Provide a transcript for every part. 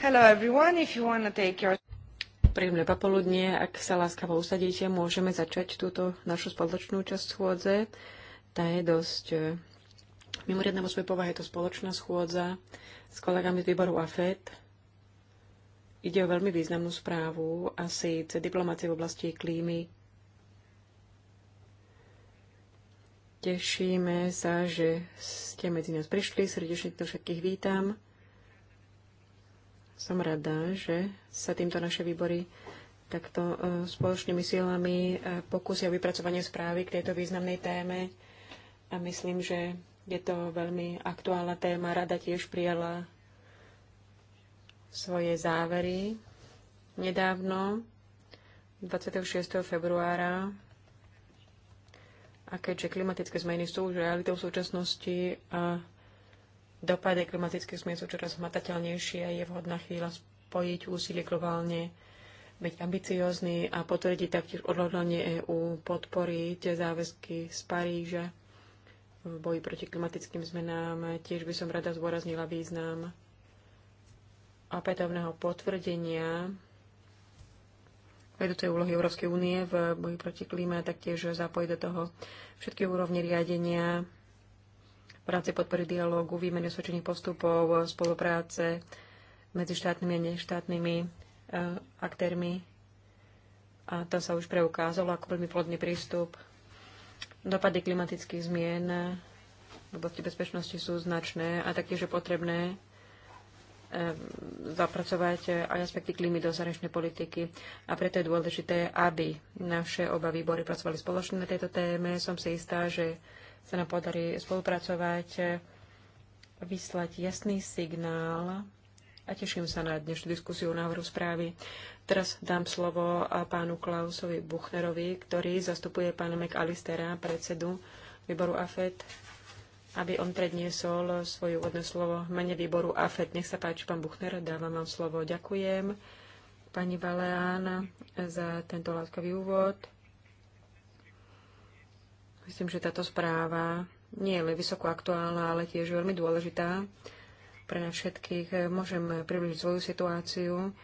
Hello everyone, if you want to take your... Príjemné popoludnie, ak sa láskavo usadíte, môžeme začať túto našu spoločnú časť schôdze. Tá je dosť e, mimoriadná vo svojej povahe, je to spoločná schôdza s kolegami z výboru AFED. Ide o veľmi významnú správu asi síce diplomácie v oblasti klímy, Tešíme sa, že ste medzi nás prišli. Srdečne to všetkých vítam. Som rada, že sa týmto naše výbory takto e, spoločnými silami e, pokusia vypracovanie správy k tejto významnej téme. A myslím, že je to veľmi aktuálna téma. Rada tiež prijala svoje závery nedávno, 26. februára. A keďže klimatické zmeny sú už realitou v súčasnosti a dopady klimatických zmien sú čoraz hmatateľnejšie, je vhodná chvíľa spojiť úsilie globálne, byť ambiciózny a potvrdiť taktiež odhodlanie EÚ podporiť záväzky z Paríža v boji proti klimatickým zmenám. Tiež by som rada zdôraznila význam opätovného potvrdenia vedúcej úlohy Európskej únie v boji proti klíme taktiež zapojiť do toho všetky úrovne riadenia v rámci podpory dialógu, výmeny osvedčených postupov, spolupráce medzi štátnymi a neštátnymi e, aktérmi. A to sa už preukázalo ako veľmi plodný prístup. Dopady klimatických zmien v oblasti bezpečnosti sú značné a taktiež je potrebné e, zapracovať aj aspekty klímy do zahraničnej politiky. A preto je dôležité, aby naše oba výbory pracovali spoločne na tejto téme. Som si istá, že sa nám podarí spolupracovať, vyslať jasný signál a teším sa na dnešnú diskusiu o návrhu správy. Teraz dám slovo pánu Klausovi Buchnerovi, ktorý zastupuje pána McAllistera, predsedu výboru AFED, aby on predniesol svoje úvodné slovo v mene výboru AFED. Nech sa páči, pán Buchner, dávam vám slovo. Ďakujem pani Baleán za tento látkový úvod. Myslím, že táto správa nie je len vysoko aktuálna, ale tiež veľmi dôležitá pre nás všetkých. Môžem približiť svoju situáciu.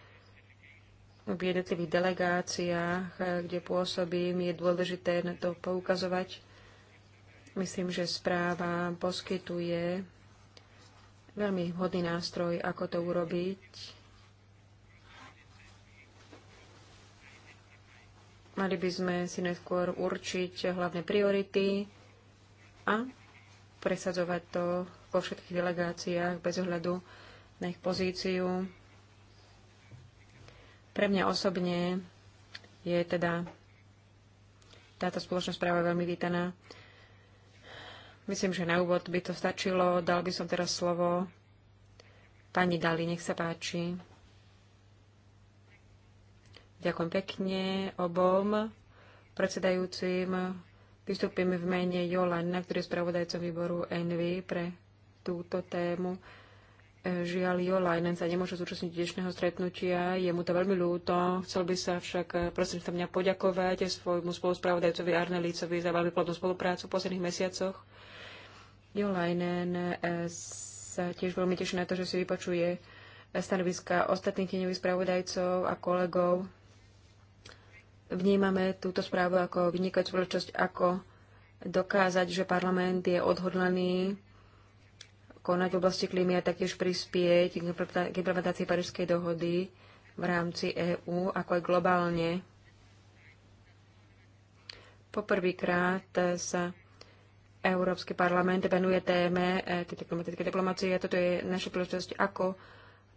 V jednotlivých delegáciách, kde pôsobím, je dôležité na to poukazovať. Myslím, že správa poskytuje veľmi vhodný nástroj, ako to urobiť Mali by sme si najskôr určiť hlavné priority a presadzovať to vo všetkých delegáciách bez ohľadu na ich pozíciu. Pre mňa osobne je teda táto spoločná správa veľmi vítaná. Myslím, že na úvod by to stačilo. Dal by som teraz slovo pani Dali, nech sa páči. Ďakujem pekne obom predsedajúcim. Vystúpim v mene Jolana, ktorý je spravodajcom výboru NV pre túto tému. E, žiaľ, Jolajnen sa nemôže zúčastniť dnešného stretnutia. Je mu to veľmi ľúto. Chcel by sa však e, prosím sa mňa poďakovať svojmu spoluspravodajcovi Arnelícovi za veľmi plodnú spoluprácu v posledných mesiacoch. Jolajnen e, sa tiež veľmi teší na to, že si vypočuje stanoviska ostatných tieňových spravodajcov a kolegov Vnímame túto správu ako vynikajúcu príležitosť, ako dokázať, že parlament je odhodlaný konať v oblasti klímy a taktiež prispieť k implementácii Parížskej dohody v rámci EÚ, ako aj globálne. Poprvýkrát sa Európsky parlament venuje téme e, tejto klimatické diplomácie. Toto je naša príležitosť, ako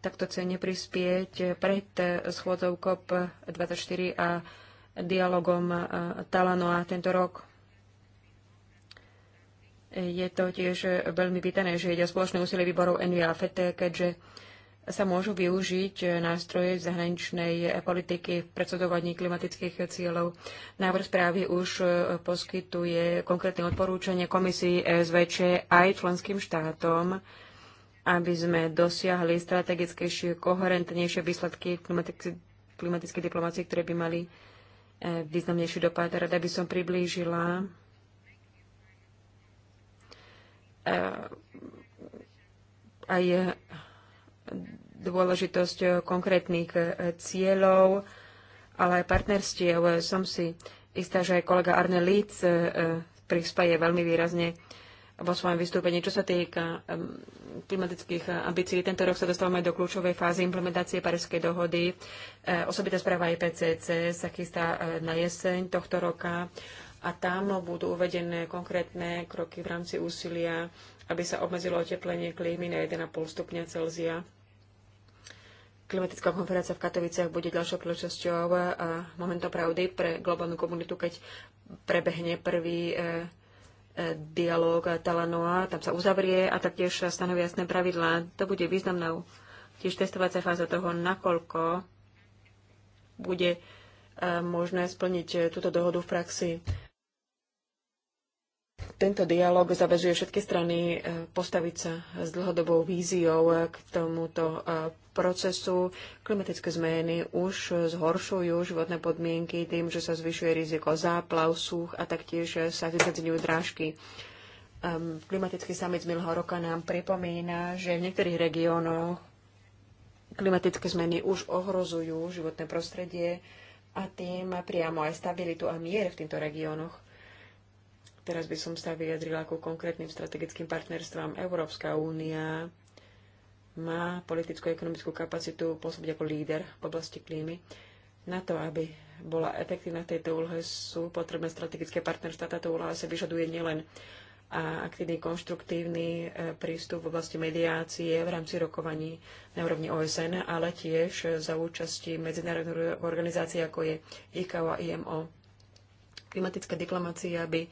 takto cene prispieť pred schôdzou COP24 a dialogom e, Talanoa tento rok. Je to tiež veľmi vítané, že ide o spoločné úsilie výborov NV a FET, keďže sa môžu využiť nástroje zahraničnej politiky v predsedovaní klimatických cieľov. Návrh správy už e, poskytuje konkrétne odporúčanie komisii SVČ aj členským štátom, aby sme dosiahli strategickejšie, koherentnejšie výsledky klimatickej diplomácie, ktoré by mali významnejší dopad. Rada by som priblížila e, aj dôležitosť konkrétnych cieľov, ale aj partnerstiev. Som si istá, že aj kolega Arne Líc e, prispaje veľmi výrazne vo svojom vystúpení. Čo sa týka klimatických eh, ambícií. Tento rok sa dostávame do kľúčovej fázy implementácie Parískej dohody. Eh, osobitá správa IPCC sa chystá eh, na jeseň tohto roka a tam budú uvedené konkrétne kroky v rámci úsilia, aby sa obmedzilo oteplenie klímy na 1,5 stupňa Celzia. Klimatická konferencia v Katoviciach bude ďalšou príležitosťou a momentom pravdy pre globálnu komunitu, keď prebehne prvý eh, E, dialog e, Talanoa, tam sa uzavrie a taktiež stanovia jasné pravidlá. To bude významná tiež testovacia fáza toho, nakoľko bude e, možné splniť túto dohodu v praxi. Tento dialog zavezuje všetky strany e, postaviť sa s dlhodobou víziou k tomuto e, procesu. Klimatické zmeny už zhoršujú životné podmienky tým, že sa zvyšuje riziko záplav, such a taktiež sa vysadzujú drážky. Klimatický summit z minulého roka nám pripomína, že v niektorých regiónoch klimatické zmeny už ohrozujú životné prostredie a tým priamo aj stabilitu a mier v týchto regiónoch Teraz by som sa vyjadrila ku konkrétnym strategickým partnerstvám. Európska únia má politickú a ekonomickú kapacitu pôsobiť ako líder v oblasti klímy. Na to, aby bola efektívna v tejto úlohe, sú potrebné strategické partnerstva. Táto úloha sa vyžaduje nielen a aktívny, konštruktívny e, prístup v oblasti mediácie v rámci rokovaní na úrovni OSN, ale tiež za účasti medzinárodných organizácií, ako je ICAO a IMO. Klimatická diplomácia by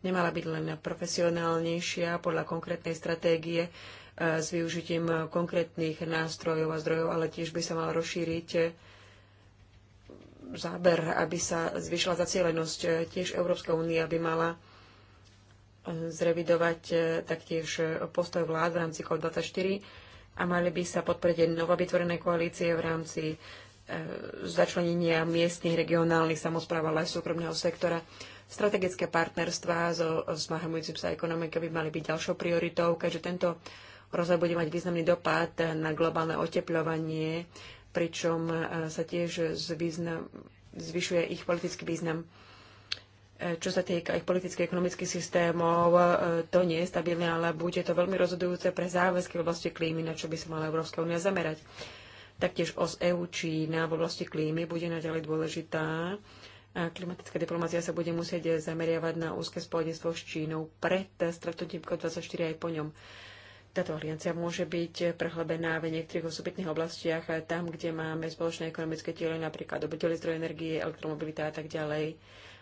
nemala byť len profesionálnejšia podľa konkrétnej stratégie e, s využitím konkrétnych nástrojov a zdrojov, ale tiež by sa mal rozšíriť záber, aby sa zvyšila zacielenosť. E, tiež Európska únia by mala e, zrevidovať taktiež postoj vlád v rámci COP24 a mali by sa podporiť novo vytvorené koalície v rámci začlenenia miestnych, regionálnych samozpráv, ale aj súkromného sektora. Strategické partnerstva so zmahamujúcim sa ekonomikou by mali byť ďalšou prioritou, keďže tento rozvoj bude mať významný dopad na globálne oteplovanie, pričom e, sa tiež zvýznam, zvyšuje ich politický význam. E, čo sa týka ich politických ekonomických systémov, e, to nie je stabilné, ale bude to veľmi rozhodujúce pre záväzky v oblasti klímy, na čo by sa mala Európska únia zamerať. Taktiež os EU Čína v oblasti klímy bude naďalej dôležitá Klimatická diplomácia sa bude musieť zameriavať na úzke spojenstvo s Čínou pred stretnutím COP24 aj po ňom. Táto aliancia môže byť prehlbená v niektorých osobitných oblastiach, tam, kde máme spoločné ekonomické diely, napríklad obytele zdroje energie, elektromobilita a tak ďalej.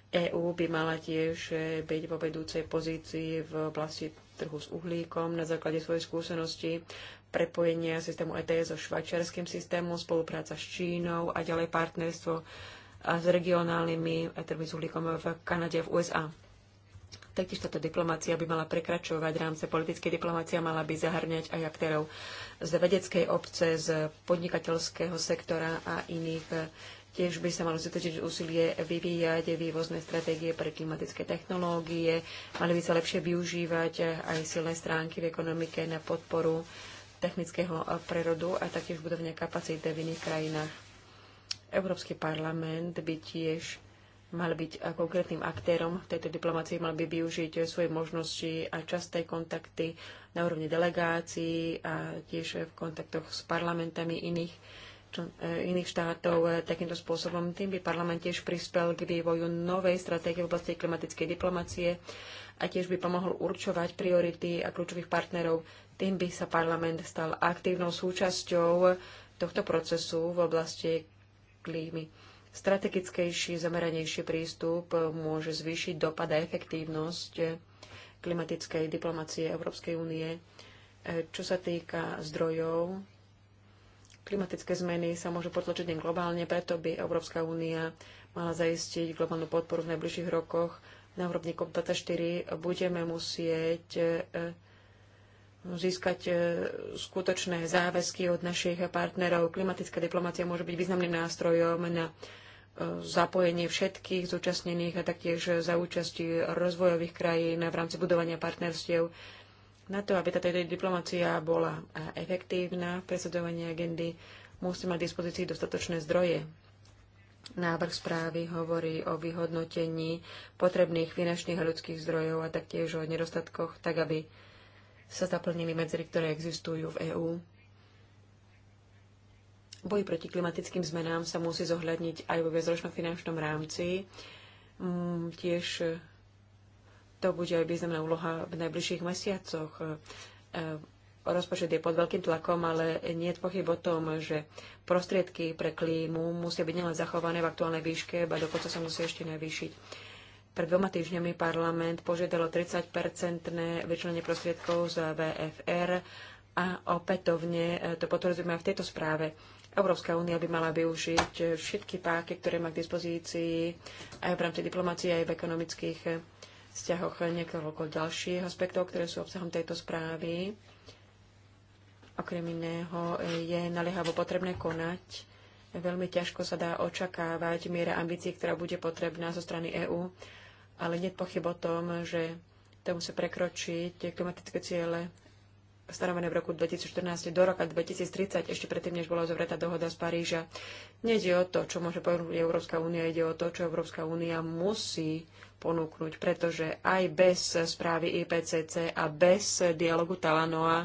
EÚ by mala tiež byť vo vedúcej pozícii v oblasti trhu s uhlíkom na základe svojej skúsenosti, prepojenia systému ETS so švajčiarským systémom, spolupráca s Čínou a ďalej partnerstvo a s regionálnymi etermi s uhlíkom v Kanade a v USA. Taktiež táto diplomácia by mala prekračovať rámce politické diplomácia, mala by zahrňať aj aktérov z vedeckej obce, z podnikateľského sektora a iných. Tiež by sa malo zútočiť úsilie vyvíjať vývozné stratégie pre klimatické technológie, mali by sa lepšie využívať aj silné stránky v ekonomike na podporu technického prerodu a taktiež budovne kapacity v iných krajinách Európsky parlament by tiež mal byť eh, konkrétnym aktérom v tejto diplomácii, mal by využiť eh, svoje možnosti a časté kontakty na úrovni delegácií a tiež v kontaktoch s parlamentami iných, čo, eh, iných štátov. Takýmto spôsobom tým by parlament tiež prispel k vývoju novej stratégie v oblasti klimatickej diplomácie a tiež by pomohol určovať priority a kľúčových partnerov. Tým by sa parlament stal aktívnou súčasťou tohto procesu v oblasti klímy. Strategickejší, zameranejší prístup môže zvýšiť dopad a efektívnosť klimatickej diplomácie Európskej únie. Čo sa týka zdrojov, klimatické zmeny sa môžu potlačiť len globálne, preto by Európska únia mala zaistiť globálnu podporu v najbližších rokoch. Na úrovni COP24 budeme musieť eh, získať e, skutočné záväzky od našich partnerov. Klimatická diplomácia môže byť významným nástrojom na e, zapojenie všetkých zúčastnených a taktiež za účasti rozvojových krajín v rámci budovania partnerstiev na to, aby táto diplomácia bola efektívna v presadzovaní agendy, musí mať dispozícii dostatočné zdroje. Návrh správy hovorí o vyhodnotení potrebných finančných a ľudských zdrojov a taktiež o nedostatkoch, tak aby sa zaplnili medzery, ktoré existujú v EÚ. Boj proti klimatickým zmenám sa musí zohľadniť aj vo viacročnom finančnom rámci. Mm, tiež e, to bude aj významná úloha v najbližších mesiacoch. E, e, rozpočet je pod veľkým tlakom, ale nie je pochyb o tom, že prostriedky pre klímu musia byť nielen zachované v aktuálnej výške, ba dokonca sa musia ešte navýšiť. Pred dvoma týždňami parlament požiadalo 30-percentné vyčlenie prostriedkov z VFR a opätovne e, to potvrdzujeme aj v tejto správe. Európska únia by mala využiť všetky páky, ktoré má k dispozícii aj v rámci diplomácie, aj v ekonomických vzťahoch niekoľko ďalších aspektov, ktoré sú obsahom tejto správy. Okrem iného je naliehavo potrebné konať. Veľmi ťažko sa dá očakávať miera ambícií, ktorá bude potrebná zo strany EÚ ale nie pochyb o tom, že to musí prekročiť klimatické ciele stanovené v roku 2014 do roka 2030, ešte predtým, než bola zavretá dohoda z Paríža. Nejde o to, čo môže ponúknuť Európska únia, ide o to, čo Európska únia musí ponúknuť, pretože aj bez správy IPCC a bez dialogu Talanoa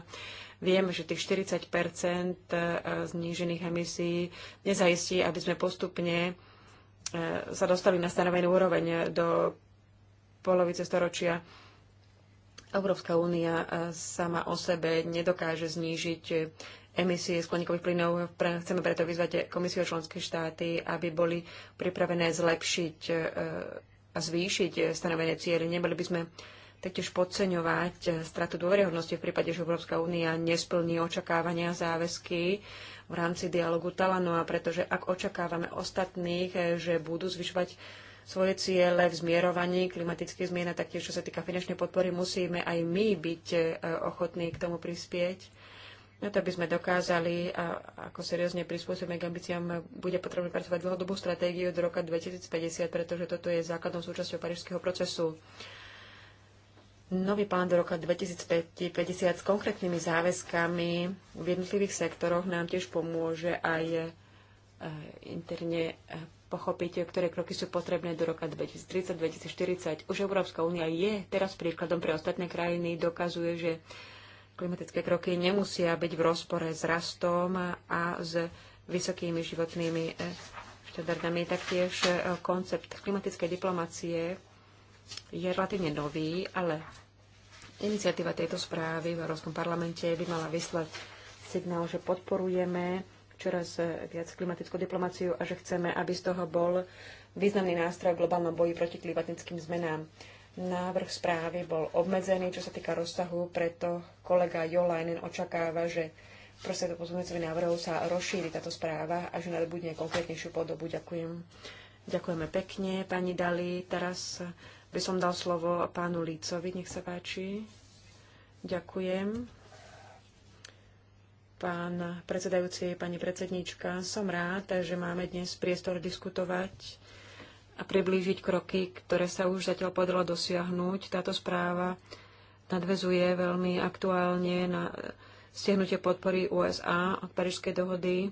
vieme, že tých 40 e, znížených emisí nezajistí, aby sme postupne e, sa dostali na stanovenú úroveň do polovice storočia Európska únia e, sama o sebe nedokáže znížiť emisie skleníkových plynov. Chceme preto vyzvať komisiu členské štáty, aby boli pripravené zlepšiť e, a zvýšiť stanovené cieľe. neboli by sme taktiež podceňovať stratu dôveryhodnosti v prípade, že Európska únia nesplní očakávania a záväzky v rámci dialogu Talanoa, pretože ak očakávame ostatných, e, že budú zvyšovať svoje ciele v zmierovaní klimatických zmien a taktiež, čo sa týka finančnej podpory, musíme aj my byť e, ochotní k tomu prispieť. Na to, aby sme dokázali, a e, ako seriózne prispôsobíme k ambíciám, bude potrebné pracovať dlhodobú stratégiu do roka 2050, pretože toto je základnou súčasťou parížského procesu. Nový plán do roka 2050 s konkrétnymi záväzkami v jednotlivých sektoroch nám tiež pomôže aj e, interne pochopiť, ktoré kroky sú potrebné do roka 2030-2040. Už Európska únia je teraz príkladom pre ostatné krajiny, dokazuje, že klimatické kroky nemusia byť v rozpore s rastom a s vysokými životnými eh, štandardami. Taktiež eh, koncept klimatickej diplomacie je relatívne nový, ale iniciatíva tejto správy v Európskom parlamente by mala vyslať signál, že podporujeme čoraz viac klimatickú diplomáciu a že chceme, aby z toho bol významný nástroj v globálnom boji proti klimatickým zmenám. Návrh správy bol obmedzený, čo sa týka rozsahu, preto kolega Jolainen očakáva, že proste do pozmeňujúcich návrhov sa rozšíri táto správa a že nadobudne konkrétnejšiu podobu. Ďakujem. Ďakujeme pekne, pani Dali. Teraz by som dal slovo pánu Lícovi, nech sa páči. Ďakujem. Pán predsedajúci, pani predsednička, som rád, že máme dnes priestor diskutovať a priblížiť kroky, ktoré sa už zatiaľ podalo dosiahnuť. Táto správa nadvezuje veľmi aktuálne na stiahnutie podpory USA od Parížskej dohody.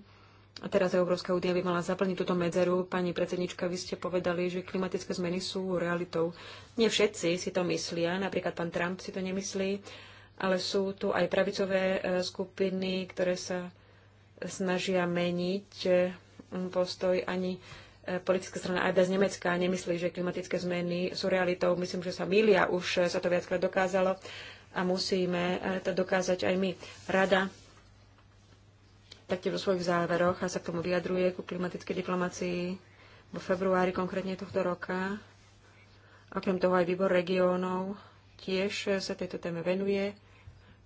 A teraz Európska únia by mala zaplniť túto medzeru. Pani predsednička, vy ste povedali, že klimatické zmeny sú realitou. Nie všetci si to myslia, napríklad pán Trump si to nemyslí ale sú tu aj pravicové e, skupiny, ktoré sa snažia meniť e, postoj ani e, politická strana aj z Nemecka nemyslí, že klimatické zmeny sú realitou. Myslím, že sa milia, už sa to viackrát dokázalo a musíme to dokázať aj my. Rada taktiež vo svojich záveroch a sa k tomu vyjadruje ku klimatickej diplomácii vo februári konkrétne tohto roka. Okrem toho aj výbor regiónov tiež sa tejto téme venuje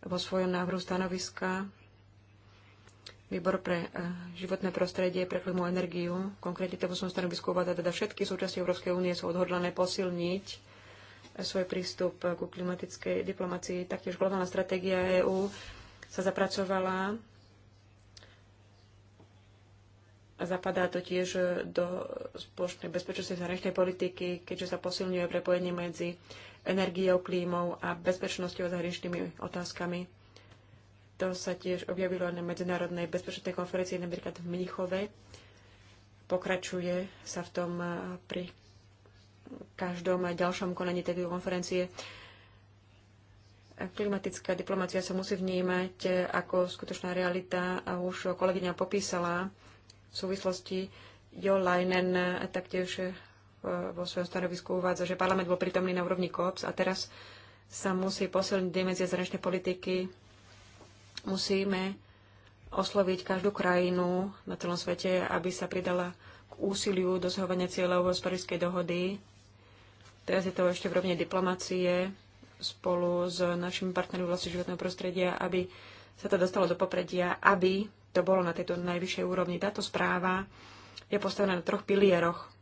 vo svojom návrhu stanoviska Výbor pre eh, životné prostredie, pre klimu a energiu, konkrétne to vo svojom stanovisku uvádza teda všetky súčasti Európskej únie sú odhodlané posilniť svoj prístup ku klimatickej diplomácii. Taktiež globálna stratégia EÚ sa zapracovala a zapadá to tiež do spoločnej bezpečnosti zahraničnej politiky, keďže sa posilňuje prepojenie medzi energiou, klímou a bezpečnosťou a zahraničnými otázkami. To sa tiež objavilo na Medzinárodnej bezpečnostnej konferencii napríklad v Mnichove. Pokračuje sa v tom eh, pri každom ďalšom konaní tejto konferencie. Klimatická diplomácia sa musí vnímať eh, ako skutočná realita a už kolegyňa popísala v súvislosti Jo Leinen eh, taktiež vo svojom stanovisku uvádza, že parlament bol prítomný na úrovni COPS a teraz sa musí posilniť dimenzia zračnej politiky. Musíme osloviť každú krajinu na celom svete, aby sa pridala k úsiliu dosahovania cieľov z Parískej dohody. Teraz je to ešte v rovne diplomácie spolu s našimi partnermi vlastne životného prostredia, aby sa to dostalo do popredia, aby to bolo na tejto najvyššej úrovni. Táto správa je postavená na troch pilieroch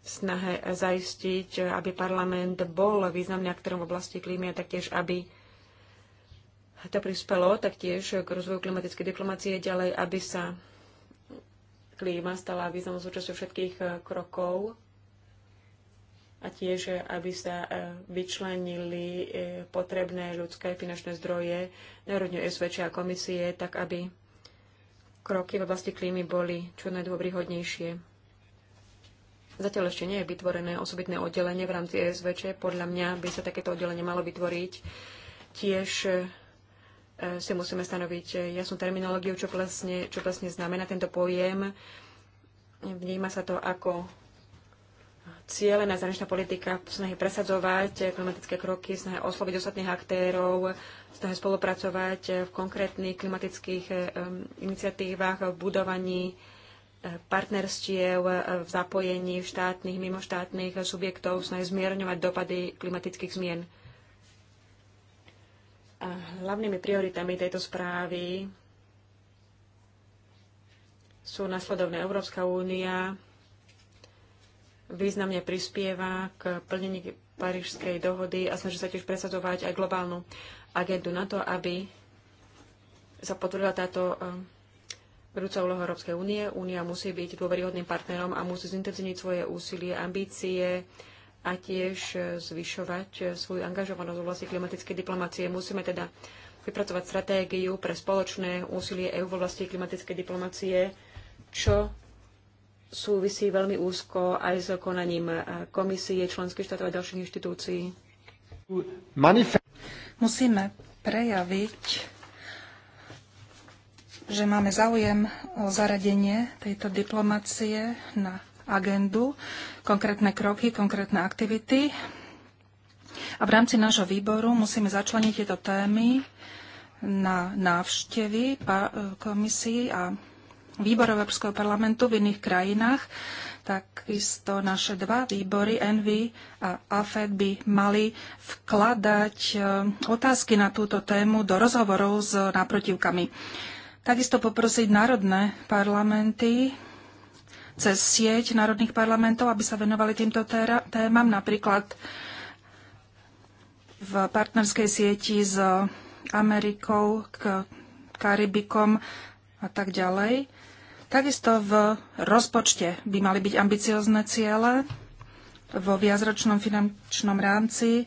v snahe zaistiť, aby parlament bol významný aktorom v oblasti klímy a taktiež, aby to prispelo taktiež k rozvoju klimatickej diplomácie ďalej, aby sa klíma stala významnou súčasťou všetkých eh, krokov a tiež, eh, aby sa eh, vyčlenili potrebné ľudské finančné zdroje Národne SVČ a komisie, tak aby kroky v oblasti klímy boli čo najdôvryhodnejšie. Zatiaľ ešte nie je vytvorené osobitné oddelenie v rámci SVČ. Podľa mňa by sa takéto oddelenie malo vytvoriť. Tiež e, si musíme stanoviť e, jasnú terminológiu, čo vlastne, čo vlastne znamená tento pojem. Vníma sa to ako na zahraničná politika v presadzovať e, klimatické kroky, snahy osloviť ostatných aktérov, snahy spolupracovať v konkrétnych klimatických iniciatívach, v budovaní partnerstiev e, v zapojení štátnych, mimoštátnych subjektov sme zmierňovať dopady klimatických zmien. A hlavnými prioritami tejto správy sú nasledovné Európska únia, významne prispieva k plnení Parížskej dohody a snaží sa tiež presadzovať aj globálnu agendu na to, aby sa potvrdila táto e, vedúca úloha Európskej únie. Únia musí byť dôveryhodným partnerom a musí zintenzívniť svoje úsilie, ambície a tiež zvyšovať svoju angažovanosť v oblasti klimatickej diplomácie. Musíme teda vypracovať stratégiu pre spoločné úsilie EÚ v oblasti klimatickej diplomácie, čo súvisí veľmi úzko aj s konaním komisie, členských štátov a ďalších inštitúcií. Musíme prejaviť že máme záujem o zaradenie tejto diplomácie na agendu, konkrétne kroky, konkrétne aktivity. A v rámci nášho výboru musíme začleniť tieto témy na návštevy komisii a výborov Európskeho parlamentu v iných krajinách. Takisto naše dva výbory, Envy a AFED, by mali vkladať e, otázky na túto tému do rozhovorov s náprotivkami. Takisto poprosiť národné parlamenty cez sieť národných parlamentov, aby sa venovali týmto témam, napríklad v partnerskej sieti s Amerikou, k Karibikom a tak ďalej. Takisto v rozpočte by mali byť ambiciozne ciele vo viacročnom finančnom rámci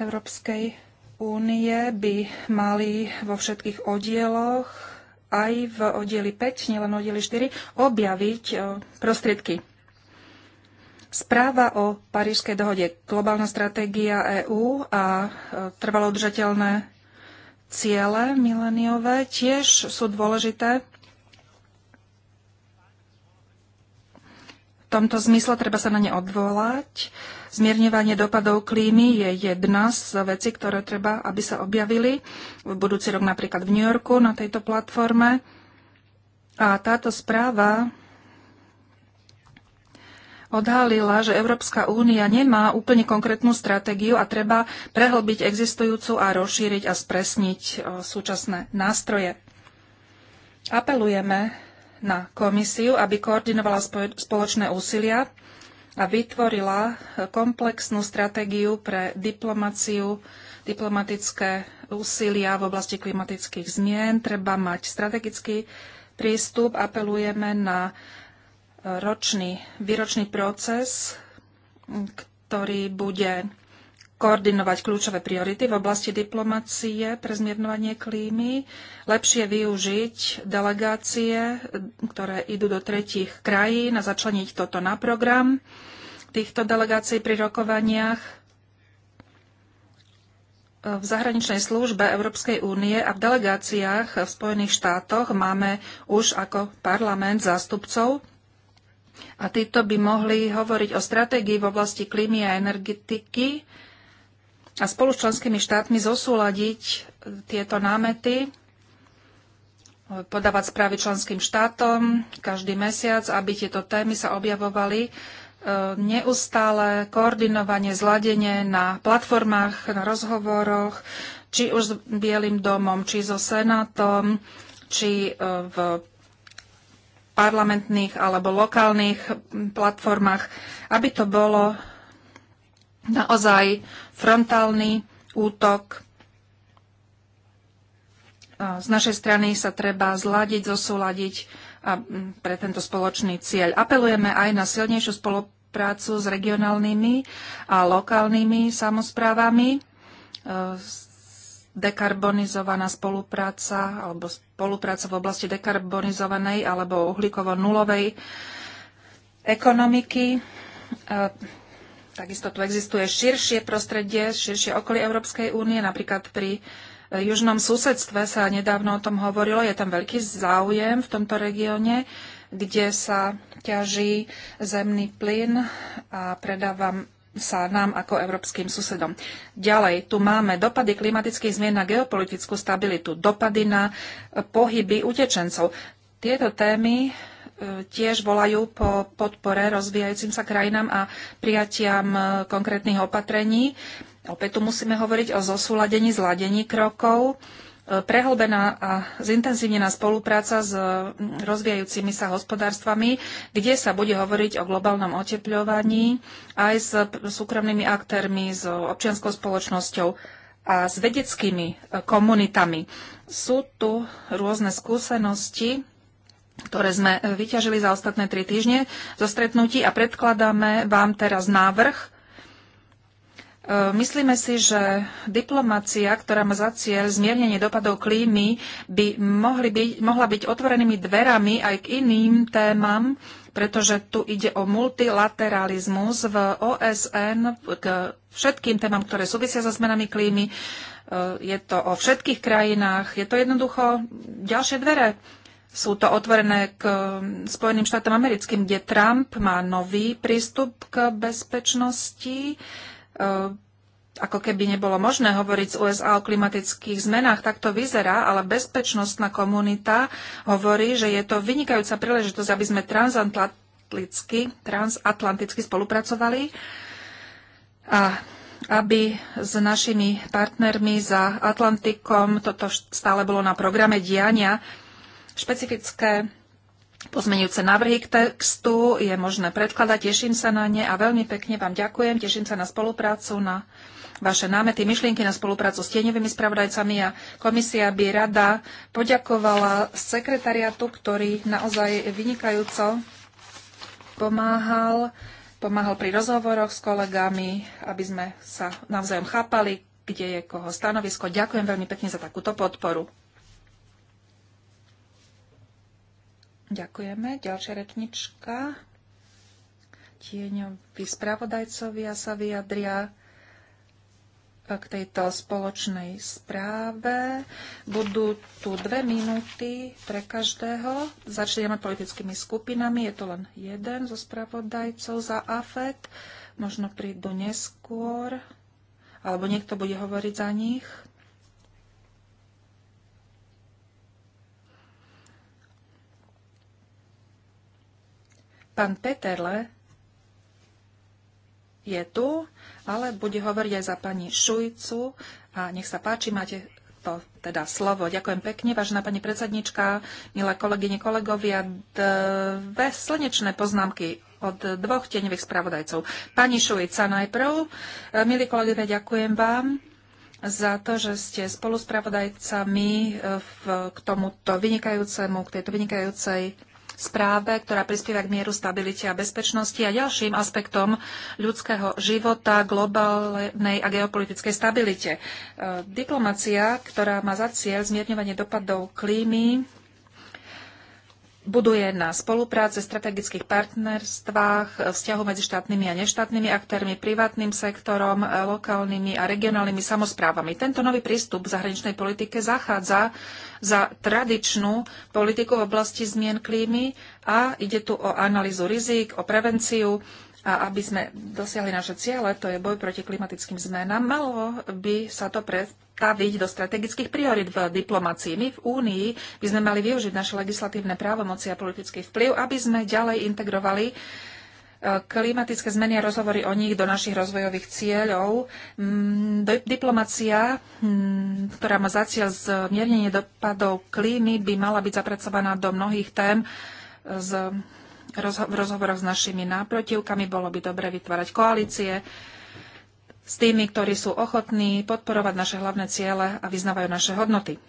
Európskej únie by mali vo všetkých oddieloch, aj v oddieli 5, nielen oddieli 4, objaviť e, prostriedky. Správa o Parížskej dohode, globálna stratégia EÚ a e, trvalo udržateľné ciele mileniové tiež sú dôležité. V tomto zmysle treba sa na ne odvolať. Zmierňovanie dopadov klímy je jedna z vecí, ktoré treba, aby sa objavili. V budúci rok napríklad v New Yorku na tejto platforme. A táto správa odhalila, že Európska únia nemá úplne konkrétnu stratégiu a treba prehlbiť existujúcu a rozšíriť a spresniť súčasné nástroje. Apelujeme na komisiu, aby koordinovala spoločné úsilia a vytvorila komplexnú stratégiu pre diplomáciu, diplomatické úsilia v oblasti klimatických zmien. Treba mať strategický prístup. Apelujeme na ročný, výročný proces, ktorý bude koordinovať kľúčové priority v oblasti diplomacie pre zmiernovanie klímy, lepšie využiť delegácie, ktoré idú do tretich krajín a začleniť toto na program týchto delegácií pri rokovaniach v zahraničnej službe Európskej únie a v delegáciách v Spojených štátoch máme už ako parlament zástupcov a títo by mohli hovoriť o stratégii v oblasti klímy a energetiky, a spolu s členskými štátmi zosúľadiť e, tieto námety, e, podávať správy členským štátom každý mesiac, aby tieto témy sa objavovali e, neustále, koordinovanie, zladenie na platformách, na rozhovoroch, či už s Bielým domom, či so Senátom, či v parlamentných alebo lokálnych platformách, aby to bolo naozaj frontálny útok. Z našej strany sa treba zladiť, zosúladiť a mm, pre tento spoločný cieľ. Apelujeme aj na silnejšiu spoluprácu s regionálnymi a lokálnymi samozprávami. E, dekarbonizovaná spolupráca alebo spolupráca v oblasti dekarbonizovanej alebo uhlíkovo-nulovej ekonomiky e, Takisto tu existuje širšie prostredie, širšie okolie Európskej únie, napríklad pri e, južnom susedstve sa nedávno o tom hovorilo, je tam veľký záujem v tomto regióne, kde sa ťaží zemný plyn a predáva sa nám ako európskym susedom. Ďalej, tu máme dopady klimatických zmien na geopolitickú stabilitu, dopady na pohyby utečencov. Tieto témy tiež volajú po podpore rozvíjajúcim sa krajinám a prijatiam e, konkrétnych opatrení. Opäť tu musíme hovoriť o zosúladení, zladení krokov. E, prehlbená a zintenzívnená spolupráca s rozvíjajúcimi sa hospodárstvami, kde sa bude hovoriť o globálnom otepľovaní aj s súkromnými aktérmi, s občianskou spoločnosťou a s vedeckými e, komunitami. Sú tu rôzne skúsenosti, ktoré sme e, vyťažili za ostatné tri týždne zo stretnutí a predkladáme vám teraz návrh. E, myslíme si, že diplomácia, ktorá má za cieľ zmiernenie dopadov klímy, by mohli byť, mohla byť otvorenými dverami aj k iným témam, pretože tu ide o multilateralizmus v OSN k všetkým témam, ktoré súvisia so zmenami klímy. E, je to o všetkých krajinách. Je to jednoducho ďalšie dvere sú to otvorené k um, Spojeným štátom americkým, kde Trump má nový prístup k bezpečnosti. Uh, ako keby nebolo možné hovoriť z USA o klimatických zmenách, tak to vyzerá, ale bezpečnostná komunita hovorí, že je to vynikajúca príležitosť, aby sme transatlanticky, transatlanticky spolupracovali a aby s našimi partnermi za Atlantikom toto stále bolo na programe diania špecifické pozmenujúce návrhy k textu je možné predkladať. Teším sa na ne a veľmi pekne vám ďakujem. Teším sa na spoluprácu, na vaše námety, myšlienky na spoluprácu s tieňovými spravodajcami a komisia by rada poďakovala sekretariatu, ktorý naozaj vynikajúco pomáhal, pomáhal pri rozhovoroch s kolegami, aby sme sa navzájom chápali, kde je koho stanovisko. Ďakujem veľmi pekne za takúto podporu. Ďakujeme. Ďalšia rečnička. Tieňoví spravodajcovia sa vyjadria k tejto spoločnej správe. Budú tu dve minúty pre každého. Začneme politickými skupinami. Je to len jeden zo spravodajcov za AFET. Možno prídu neskôr. Alebo niekto bude hovoriť za nich. Pán Peterle je tu, ale bude hovoriť aj za pani Šujcu a nech sa páči, máte to teda slovo. Ďakujem pekne, vážená pani predsednička, milé kolegyne, kolegovia. Dve slnečné poznámky od dvoch teňových spravodajcov. Pani Šujca najprv. Milí kolegovia, ďakujem vám za to, že ste spoluspravodajcami v, k tomuto vynikajúcemu, k tejto vynikajúcej správe, ktorá prispieva k mieru, stabilite a bezpečnosti a ďalším aspektom ľudského života, globálnej a geopolitickej stabilite. E, diplomacia, ktorá má za cieľ zmierňovanie dopadov klímy, buduje na spolupráce, strategických partnerstvách, vzťahu medzi štátnymi a neštátnymi aktérmi, privátnym sektorom, e, lokálnymi a regionálnymi samozprávami. Tento nový prístup v zahraničnej politike zachádza za tradičnú politiku v oblasti zmien klímy a ide tu o analýzu rizik, o prevenciu, a aby sme dosiahli naše ciele, to je boj proti klimatickým zmenám, malo by sa to predstaviť do strategických priorit v diplomácii. My v Únii by sme mali využiť naše legislatívne právomoci a politický vplyv, aby sme ďalej integrovali e, klimatické zmeny a rozhovory o nich do našich rozvojových cieľov. Mm, Diplomacia, mm, ktorá má za cieľ zmiernenie dopadov klímy, by mala byť zapracovaná do mnohých tém z v rozhovoroch s našimi náprotivkami. Bolo by dobre vytvárať koalície s tými, ktorí sú ochotní podporovať naše hlavné ciele a vyznávajú naše hodnoty.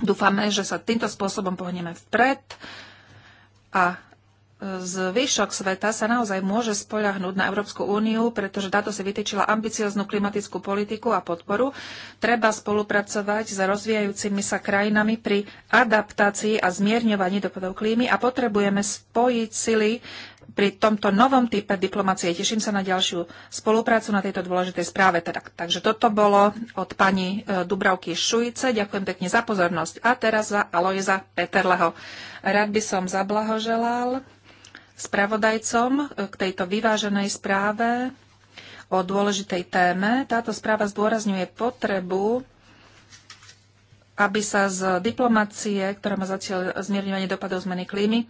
Dúfame, že sa týmto spôsobom pohneme vpred a zvyšok sveta sa naozaj môže spoľahnúť na Európsku úniu, pretože táto si vytýčila ambicioznú klimatickú politiku a podporu. Treba spolupracovať s rozvíjajúcimi sa krajinami pri adaptácii a zmierňovaní dopadov klímy a potrebujeme spojiť sily pri tomto novom type diplomácie. Teším sa na ďalšiu spoluprácu na tejto dôležitej správe. Teda, takže toto bolo od pani e, Dubravky Šujice. Ďakujem pekne za pozornosť. A teraz za Alojza Peterleho. Rád by som zablahoželal spravodajcom k tejto vyváženej správe o dôležitej téme. Táto správa zdôrazňuje potrebu aby sa z diplomácie, ktorá má zatiaľ zmierňovanie dopadov zmeny klímy,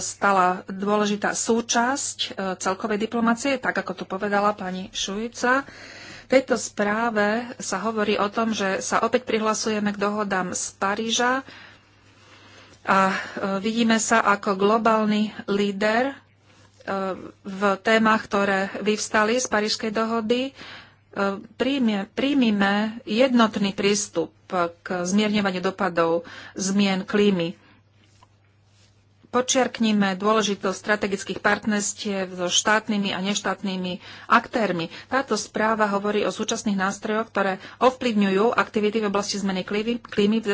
stala dôležitá súčasť e, celkovej diplomácie, tak ako to povedala pani Šujca. V tejto správe sa hovorí o tom, že sa opäť prihlasujeme k dohodám z Paríža a e, vidíme sa ako globálny líder e, v témach, ktoré vyvstali z Parížskej dohody. E, príjmime jednotný prístup k zmierňovaniu dopadov zmien klímy. Počiarknime dôležitosť strategických partnerstiev so štátnymi a neštátnymi aktérmi. Táto správa hovorí o súčasných nástrojoch, ktoré ovplyvňujú aktivity v oblasti zmeny klímy, klímy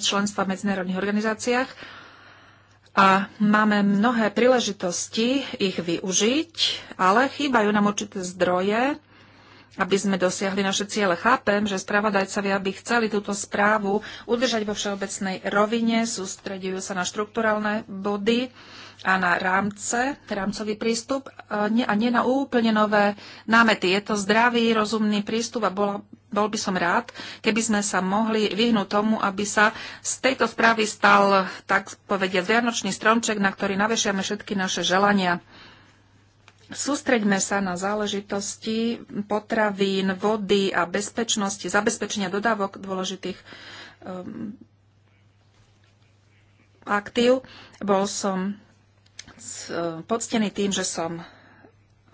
členstva v medzinárodných organizáciách a máme mnohé príležitosti ich využiť, ale chýbajú nám určité zdroje, aby sme dosiahli naše ciele. Chápem, že spravodajcovia by chceli túto správu udržať vo všeobecnej rovine, sústredujú sa na štrukturálne body a na rámce, rámcový prístup a nie na úplne nové námety. Je to zdravý, rozumný prístup a bol, bol by som rád, keby sme sa mohli vyhnúť tomu, aby sa z tejto správy stal, tak povediať, vianočný stromček, na ktorý navešiame všetky naše želania. Sústreďme sa na záležitosti potravín, vody a bezpečnosti, zabezpečenia dodávok dôležitých um, aktív. Bol som e, poctený tým, že som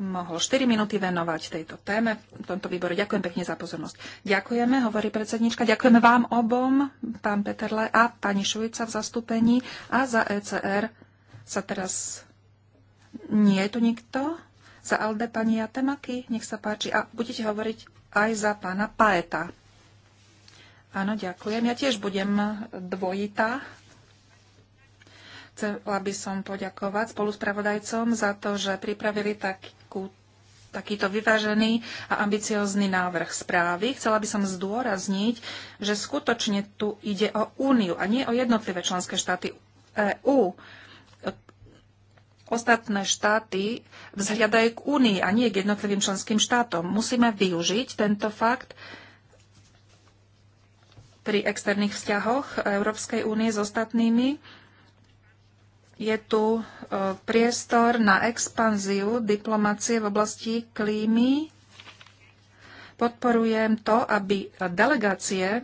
mohol 4 minúty venovať tejto téme v tomto výbore. Ďakujem pekne za pozornosť. Ďakujeme, hovorí predsednička. Ďakujeme vám obom, pán Peterle a pani Šujca v zastúpení a za ECR sa teraz nie je tu nikto? Za Alde pani Jatemaky? Nech sa páči. A budete hovoriť aj za pána Paeta. Áno, ďakujem. Ja tiež budem dvojitá. Chcela by som poďakovať spoluspravodajcom za to, že pripravili takú, takýto vyvážený a ambiciózny návrh správy. Chcela by som zdôrazniť, že skutočne tu ide o úniu a nie o jednotlivé členské štáty EÚ ostatné štáty vzhľadajú k Únii a nie k jednotlivým členským štátom. Musíme využiť tento fakt pri externých vzťahoch Európskej únie s ostatnými. Je tu e, priestor na expanziu diplomácie v oblasti klímy. Podporujem to, aby delegácie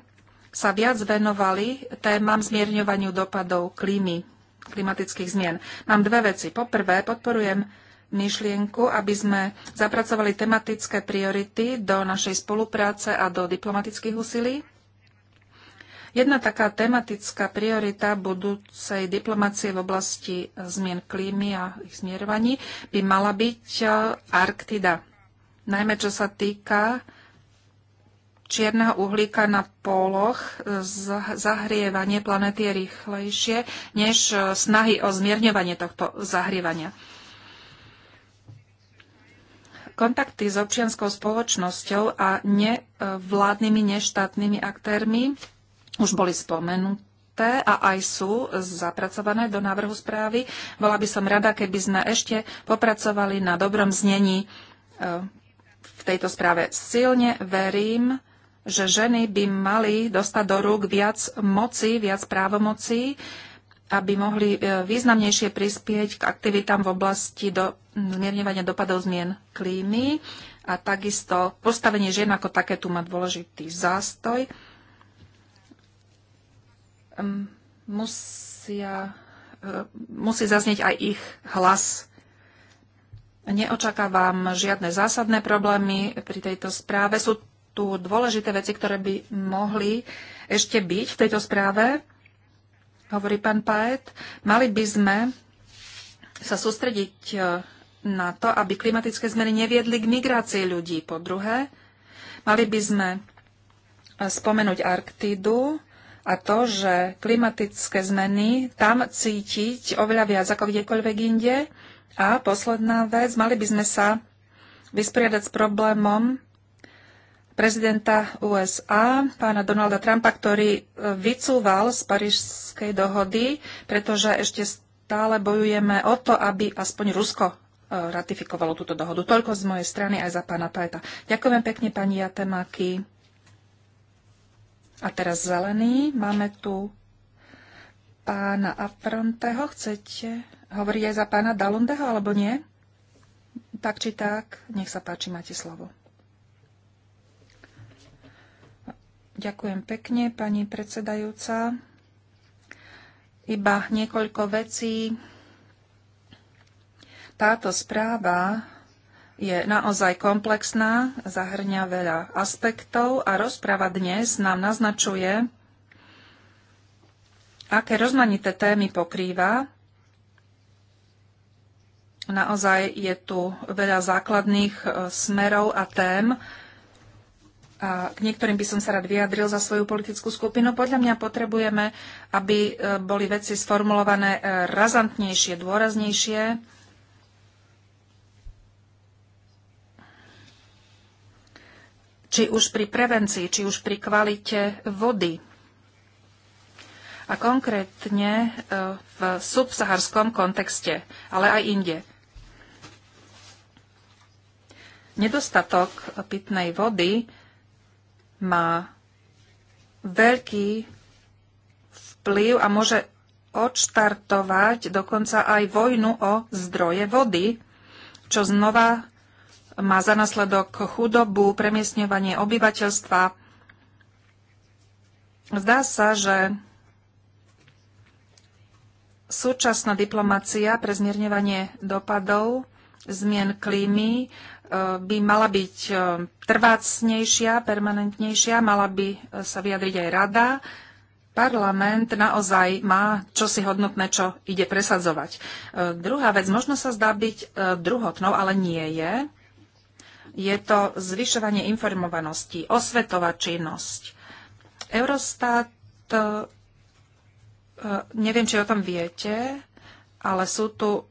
sa viac venovali témam zmierňovaniu dopadov klímy klimatických zmien. Mám dve veci. Poprvé, podporujem myšlienku, aby sme zapracovali tematické priority do našej spolupráce a do diplomatických úsilí. Jedna taká tematická priorita budúcej diplomácie v oblasti zmien klímy a ich zmierovaní by mala byť Arktida. Najmä čo sa týka čierneho uhlíka na poloch zahrievanie planety je rýchlejšie než e, snahy o zmierňovanie tohto zahrievania. Kontakty s občianskou spoločnosťou a nevládnymi neštátnymi aktérmi už boli spomenuté a aj sú zapracované do návrhu správy. Bola by som rada, keby sme ešte popracovali na dobrom znení e, v tejto správe. Silne verím, že ženy by mali dostať do rúk viac moci, viac právomocí, aby mohli e, významnejšie prispieť k aktivitám v oblasti do, zmierňovania dopadov zmien klímy a takisto postavenie žien ako také tu má dôležitý zástoj. Musia, e, musí zaznieť aj ich hlas. Neočakávam žiadne zásadné problémy pri tejto správe. Sú tu dôležité veci, ktoré by mohli ešte byť v tejto správe, hovorí pán Paet. Mali by sme sa sústrediť e, na to, aby klimatické zmeny neviedli k migrácii ľudí. Po druhé, mali by sme e, spomenúť Arktídu a to, že klimatické zmeny tam cítiť oveľa viac ako kdekoľvek inde. A posledná vec, mali by sme sa vysporiadať s problémom prezidenta USA, pána Donalda Trumpa, ktorý e, vycúval z Parížskej dohody, pretože ešte stále bojujeme o to, aby aspoň Rusko e, ratifikovalo túto dohodu. Toľko z mojej strany aj za pána tajta. Ďakujem pekne pani Jatemáky. A teraz zelený. Máme tu pána Afronteho. Chcete hovoriť aj za pána Dalundeho, alebo nie? Tak či tak, nech sa páči, máte slovo. Ďakujem pekne, pani predsedajúca. Iba niekoľko vecí. Táto správa je naozaj komplexná, zahrňa veľa aspektov a rozpráva dnes nám naznačuje, aké rozmanité témy pokrýva. Naozaj je tu veľa základných e, smerov a tém, a k niektorým by som sa rád vyjadril za svoju politickú skupinu. Podľa mňa potrebujeme, aby e, boli veci sformulované e, razantnejšie, dôraznejšie. Či už pri prevencii, či už pri kvalite vody. A konkrétne e, v subsaharskom kontexte, ale aj inde. Nedostatok pitnej vody má veľký vplyv a môže odštartovať dokonca aj vojnu o zdroje vody, čo znova má za následok chudobu, premiesňovanie obyvateľstva. Zdá sa, že súčasná diplomacia pre zmierňovanie dopadov zmien klímy by mala byť e, trvácnejšia, permanentnejšia, mala by e, sa vyjadriť aj rada. Parlament naozaj má čosi hodnotné, čo ide presadzovať. E, druhá vec, možno sa zdá byť druhotnou, ale nie je. Je to zvyšovanie informovanosti, osvetová činnosť. Eurostat, neviem, či o tom viete, ale sú tu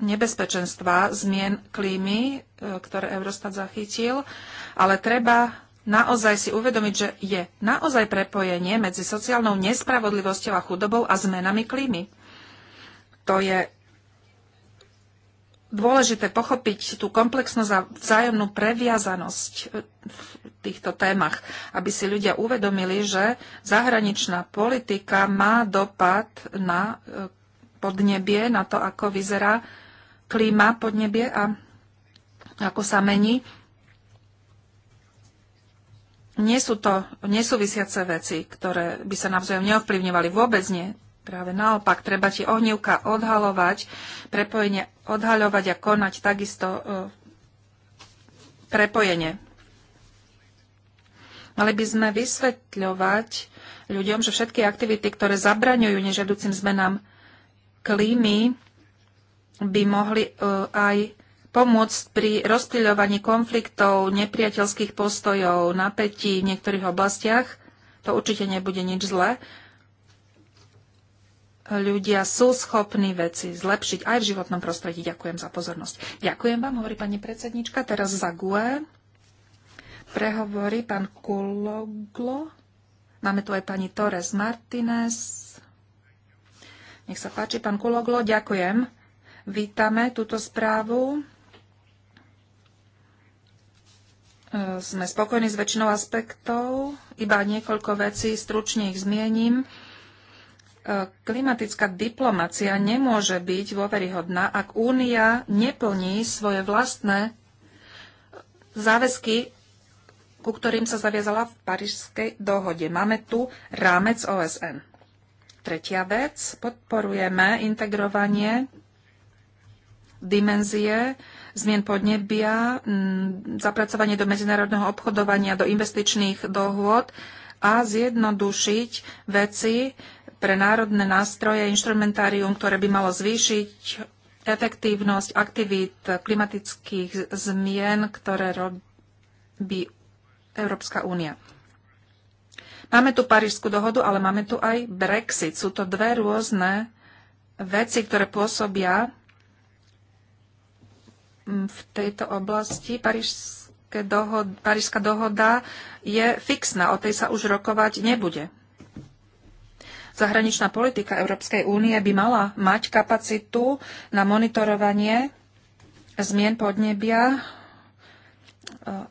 nebezpečenstva zmien klímy, e, ktoré Eurostat zachytil, ale treba naozaj si uvedomiť, že je naozaj prepojenie medzi sociálnou nespravodlivosťou a chudobou a zmenami klímy. To je dôležité pochopiť tú komplexnosť a vzájomnú previazanosť e, v týchto témach, aby si ľudia uvedomili, že zahraničná politika má dopad na e, podnebie, na to, ako vyzerá klíma pod nebie a ako sa mení. Nie sú to nesúvisiace veci, ktoré by sa navzájom neovplyvňovali. Vôbec nie. Práve naopak, treba tie ohnívka odhalovať, prepojenie odhaľovať a konať takisto e, prepojenie. Mali by sme vysvetľovať ľuďom, že všetky aktivity, ktoré zabraňujú nežiaducim zmenám klímy, by mohli e, aj pomôcť pri rozstýľovaní konfliktov, nepriateľských postojov, napätí v niektorých oblastiach. To určite nebude nič zlé. Ľudia sú schopní veci zlepšiť aj v životnom prostredí. Ďakujem za pozornosť. Ďakujem vám, hovorí pani predsednička. Teraz za GUE prehovorí pán Kuloglo. Máme tu aj pani Torres Martinez. Nech sa páči, pán Kuloglo, ďakujem. Vítame túto správu. E, sme spokojní s väčšinou aspektov, iba niekoľko vecí, stručne ich zmiením. E, klimatická diplomacia nemôže byť dôveryhodná, ak Únia neplní svoje vlastné záväzky, ku ktorým sa zaviazala v Parížskej dohode. Máme tu rámec OSN. Tretia vec, podporujeme integrovanie dimenzie zmien podnebia, zapracovanie do medzinárodného obchodovania, do investičných dohôd a zjednodušiť veci pre národné nástroje, inštrumentárium, ktoré by malo zvýšiť efektívnosť aktivít klimatických zmien, ktoré robí Európska únia. Máme tu Parížskú dohodu, ale máme tu aj Brexit. Sú to dve rôzne veci, ktoré pôsobia v tejto oblasti. Parížská dohoda, Parížská dohoda je fixná, o tej sa už rokovať nebude. Zahraničná politika Európskej únie by mala mať kapacitu na monitorovanie zmien podnebia, e,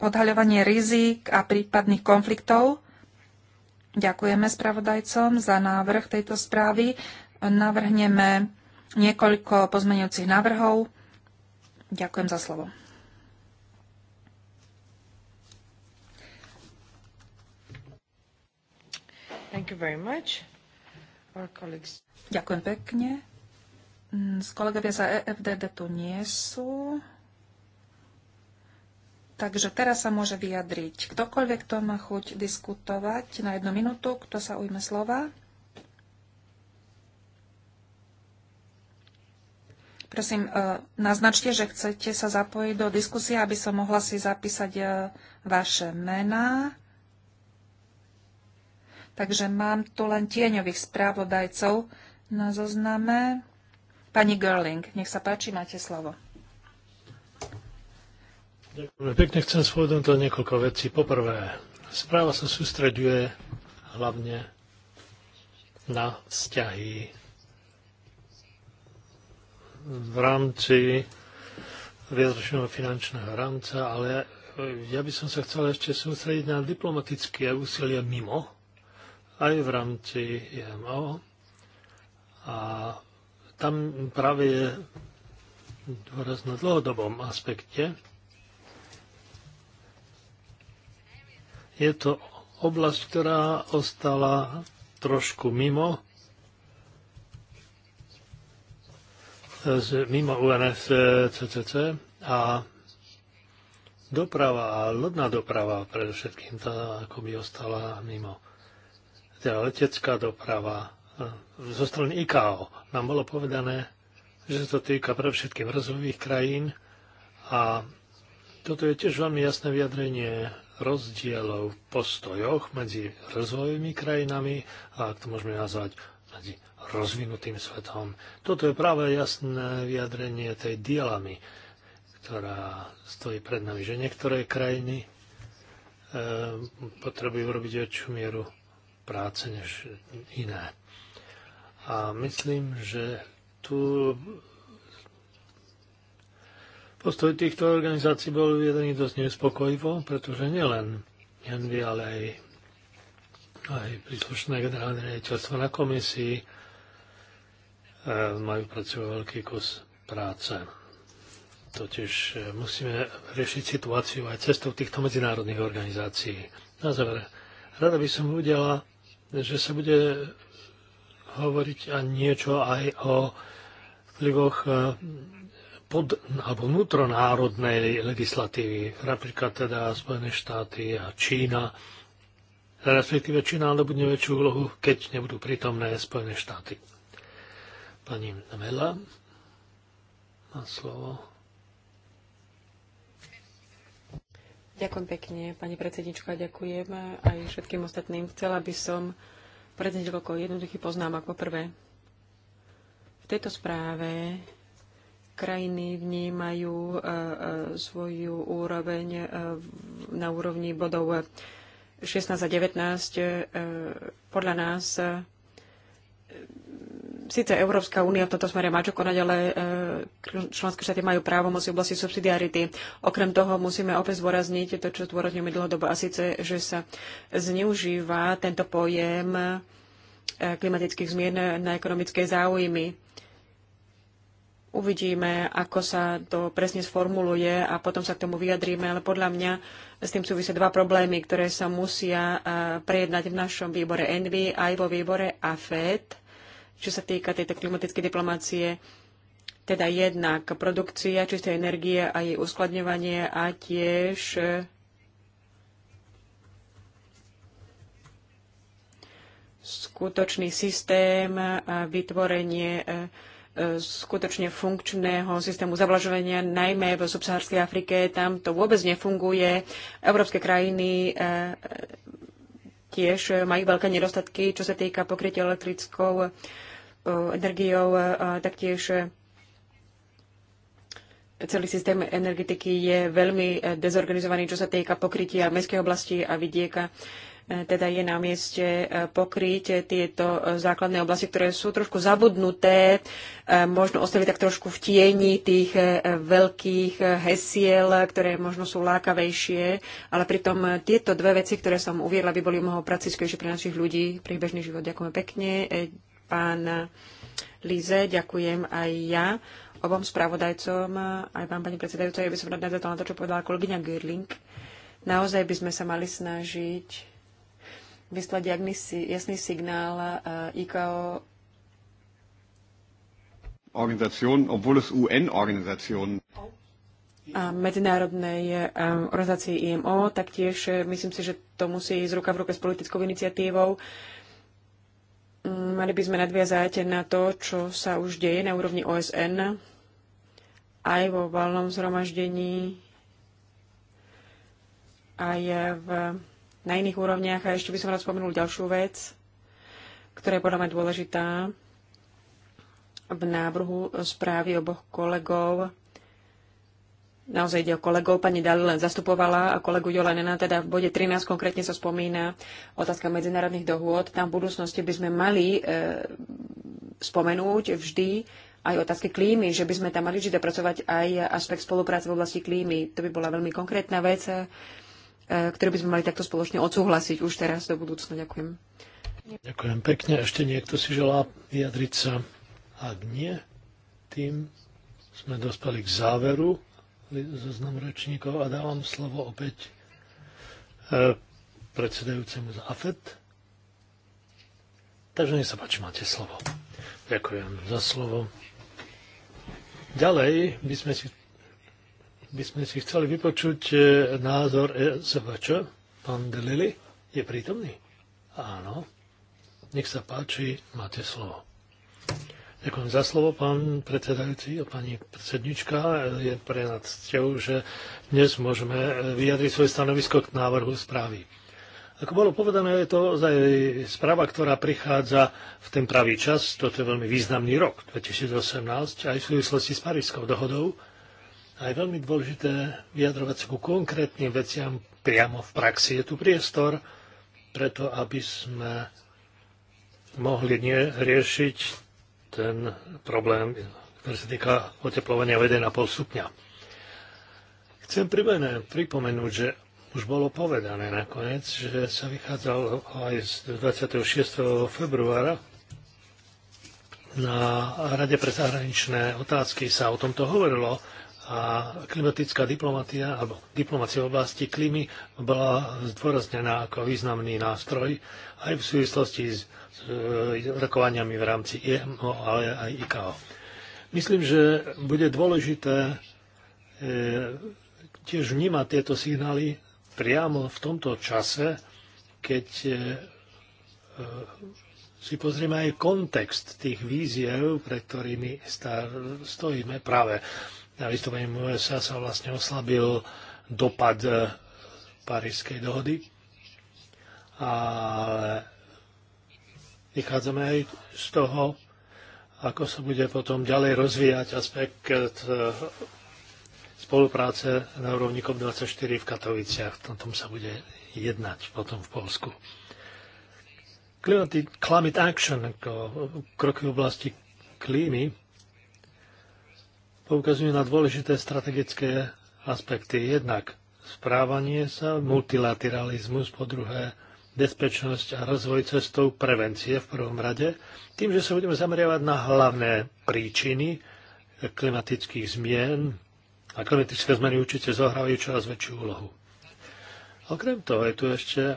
odhaľovanie rizík a prípadných konfliktov. Ďakujeme spravodajcom za návrh tejto správy. Navrhneme niekoľko pozmeňujúcich návrhov Ďakujem za slovo. Thank you very much. Our colleagues... Ďakujem pekne. Z kolegovia za EFDD tu nie sú. Takže teraz sa môže vyjadriť ktokoľvek, kto má chuť diskutovať na jednu minútu, kto sa ujme slova. Prosím, e, naznačte, že chcete sa zapojiť do diskusie, aby som mohla si zapísať e, vaše mená. Takže mám tu len tieňových správodajcov na zozname. Pani Görling, nech sa páči, máte slovo. Ďakujem pekne, chcem to niekoľko vecí. Poprvé, správa sa sústreďuje hlavne na vzťahy v rámci viacročného finančného rámca, ale ja by som sa chcel ešte sústrediť na diplomatické úsilie mimo, aj v rámci IMO. A tam práve je dôraz na dlhodobom aspekte. Je to oblasť, ktorá ostala trošku mimo z, mimo UNFCCC eh, a doprava a lodná doprava predovšetkým tá ako by ostala mimo. Teda letecká doprava eh, zo strany IKO nám bolo povedané, že sa to týka predovšetkým rozvojových krajín a toto je tiež veľmi jasné vyjadrenie rozdielov v postojoch medzi rozvojovými krajinami, a ak to môžeme nazvať medzi rozvinutým svetom. Toto je práve jasné vyjadrenie tej dielami, ktorá stojí pred nami, že niektoré krajiny e, potrebujú robiť väčšiu mieru práce než iné. A myslím, že tu postoj týchto organizácií bol vyjadrený dosť nespokojivo, pretože nielen Envy, ale aj aj príslušné generálne riaditeľstvo na komisii majú pred sebou veľký kus práce. Totiž e, musíme riešiť situáciu aj cestou týchto medzinárodných organizácií. Na záver, rada by som uvidela, že sa bude hovoriť aj niečo aj o vplyvoch e, pod, alebo vnútronárodnej legislatívy, napríklad teda Spojené štáty a Čína, respektíve Čína nadobudne väčšiu úlohu, keď nebudú prítomné Spojené štáty. Pani Mela má slovo. Ďakujem pekne, pani predsednička, ďakujem aj všetkým ostatným. Chcela by som prednes jednoduchý jednoduchých ako Poprvé, v tejto správe krajiny vnímajú e, e, svoju úroveň e, na úrovni bodov 16 a 19 e, podľa nás e, síce Európska únia v tomto smere má čo konať, ale e, členské štáty majú právo moci v oblasti subsidiarity. Okrem toho musíme opäť zdôrazniť to, čo zdôrazňujeme dlhodobo, a síce, že sa zneužíva tento pojem klimatických zmien na ekonomické záujmy. Uvidíme, ako sa to presne sformuluje a potom sa k tomu vyjadríme, ale podľa mňa s tým súvisia dva problémy, ktoré sa musia prejednať v našom výbore Envy aj vo výbore AFED, čo sa týka tejto klimatickej diplomácie teda jednak produkcia čistej energie a jej uskladňovanie a tiež e, skutočný systém a vytvorenie e, skutočne funkčného systému zavlažovania, najmä v subsaharskej Afrike. Tam to vôbec nefunguje. Európske krajiny eh, tiež majú veľké nedostatky, čo sa týka pokrytia elektrickou eh, energiou, taktiež eh, celý systém energetiky je veľmi dezorganizovaný, čo sa týka pokrytia mestskej oblasti a vidieka teda je na mieste e, pokryť tieto e, základné oblasti, ktoré sú trošku zabudnuté, e, možno ostali tak trošku v tieni tých veľkých hesiel, ktoré možno sú lákavejšie, ale pritom tieto dve veci, ktoré som uviedla, by boli mnoho praktickejšie pre našich ľudí, pre bežný život. Ďakujem pekne. Pán Lize, ďakujem aj ja obom spravodajcom, aj vám, pani predsedajúca, ja by som rada na to, čo povedala kolegyňa Girling. Naozaj by sme sa mali snažiť vyslať jasný signál e, IKO a medzinárodnej e, organizácii IMO, taktiež e, myslím si, že to musí ísť ruka v ruke s politickou iniciatívou. Mm, mali by sme nadviazať na to, čo sa už deje na úrovni OSN, aj vo valnom zhromaždení, aj v na iných úrovniach. A ešte by som rád spomenul ďalšiu vec, ktorá je podľa mňa dôležitá v návrhu správy oboch kolegov. Naozaj ide o kolegov. Pani Dali len zastupovala a kolegu Jolenena, teda v bode 13 konkrétne sa spomína otázka medzinárodných dohôd. Tam v budúcnosti by sme mali e, spomenúť vždy aj otázky klímy, že by sme tam mali vždy dopracovať aj aspekt spolupráce v oblasti klímy. To by bola veľmi konkrétna vec, E, ktoré by sme mali takto spoločne odsúhlasiť už teraz do budúcna. Ďakujem. Ďakujem pekne. Ešte niekto si želá vyjadriť sa? Ak nie, tým sme dospeli k záveru zoznam rečníkov a dávam slovo opäť e, predsedajúcemu z AFED. Takže nech sa páči, máte slovo. Ďakujem za slovo. Ďalej by sme si by sme si chceli vypočuť e, názor e SVČ. Pán Delili je prítomný? Áno. Nech sa páči, máte slovo. Ďakujem za slovo, pán predsedajúci a pani predsednička. Je pre nás cťou, že dnes môžeme e, vyjadriť svoje stanovisko k návrhu správy. Ako bolo povedané, je to ozaj správa, ktorá prichádza v ten pravý čas. Toto je veľmi významný rok, 2018, aj v súvislosti s Parískou dohodou. A je veľmi dôležité vyjadrovať sa ku konkrétnym veciam priamo v praxi. Je tu priestor preto, aby sme mohli riešiť ten problém, ktorý sa týka oteplovania pol stupňa. Chcem pribené pripomenúť, že už bolo povedané nakoniec, že sa vychádzal aj z 26. februára na Rade pre zahraničné otázky sa o tomto hovorilo a klimatická diplomatia alebo diplomacia v oblasti klímy bola zdôraznená ako významný nástroj aj v súvislosti s, s e, rokovaniami v rámci IMO, ale aj IKO. Myslím, že bude dôležité e, tiež vnímať tieto signály priamo v tomto čase, keď e, e si pozrieme aj kontext tých víziev, pre ktorými star, stojíme práve na vystúpení USA sa vlastne oslabil dopad e, Parískej dohody. A vychádzame aj z toho, ako sa bude potom ďalej rozvíjať aspekt e, spolupráce na úrovni COP24 v Katoviciach. O tom sa bude jednať potom v Polsku. Climate, action, ako kroky v oblasti klímy, poukazujú na dôležité strategické aspekty. Jednak správanie sa, multilateralizmus, po druhé bezpečnosť a rozvoj cestou prevencie v prvom rade, tým, že sa budeme zameriavať na hlavné príčiny klimatických zmien a klimatické zmeny určite zohrávajú čoraz väčšiu úlohu. Okrem toho je tu ešte e,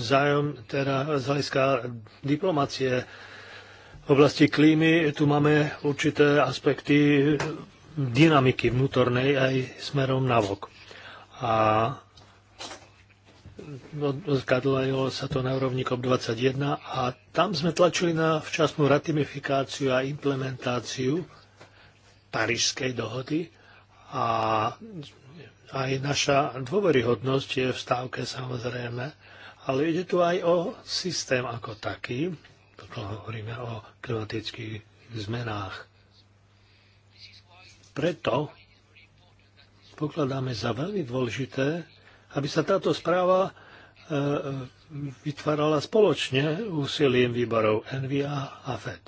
vzájom, teda z hľadiska diplomacie v oblasti klímy tu máme určité aspekty dynamiky vnútornej aj smerom navok. A odkadlilo sa to na úrovni COP21 a tam sme tlačili na včasnú ratifikáciu a implementáciu Parížskej dohody a aj naša dôveryhodnosť je v stávke samozrejme, ale ide tu aj o systém ako taký, pokiaľ hovoríme o klimatických zmenách. Preto pokladáme za veľmi dôležité, aby sa táto správa e, e, vytvárala spoločne úsilím výborov Envy a Fed.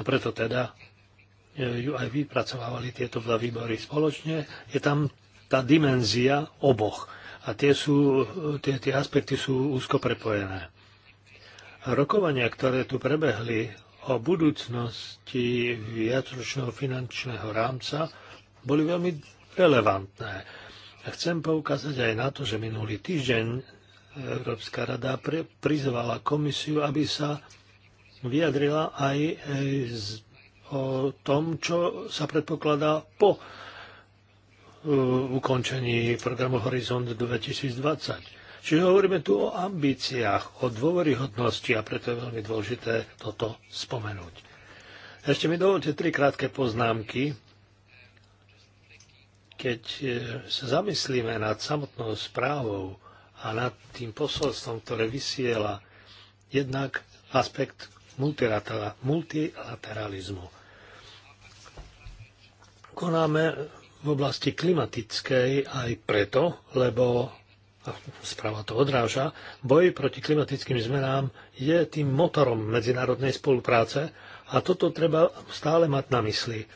A preto teda e, ju aj vypracovávali tieto dva výbory spoločne. Je tam tá dimenzia oboch. A tie, sú, tie, tie aspekty sú úzko prepojené. Rokovania, ktoré tu prebehli o budúcnosti viacročného finančného rámca, boli veľmi relevantné. Chcem poukázať aj na to, že minulý týždeň Európska rada prizvala komisiu, aby sa vyjadrila aj e, o tom, čo sa predpokladá po e, ukončení programu Horizont 2020. Čiže hovoríme tu o ambíciách, o dôveryhodnosti a preto je veľmi dôležité toto spomenúť. Ešte mi dovolte tri krátke poznámky. Keď e, sa zamyslíme nad samotnou správou a nad tým posolstvom, ktoré vysiela jednak aspekt multilateralizmu. Konáme v oblasti klimatickej aj preto, lebo a správa to odráža, boj proti klimatickým zmenám je tým motorom medzinárodnej spolupráce a toto treba stále mať na mysli.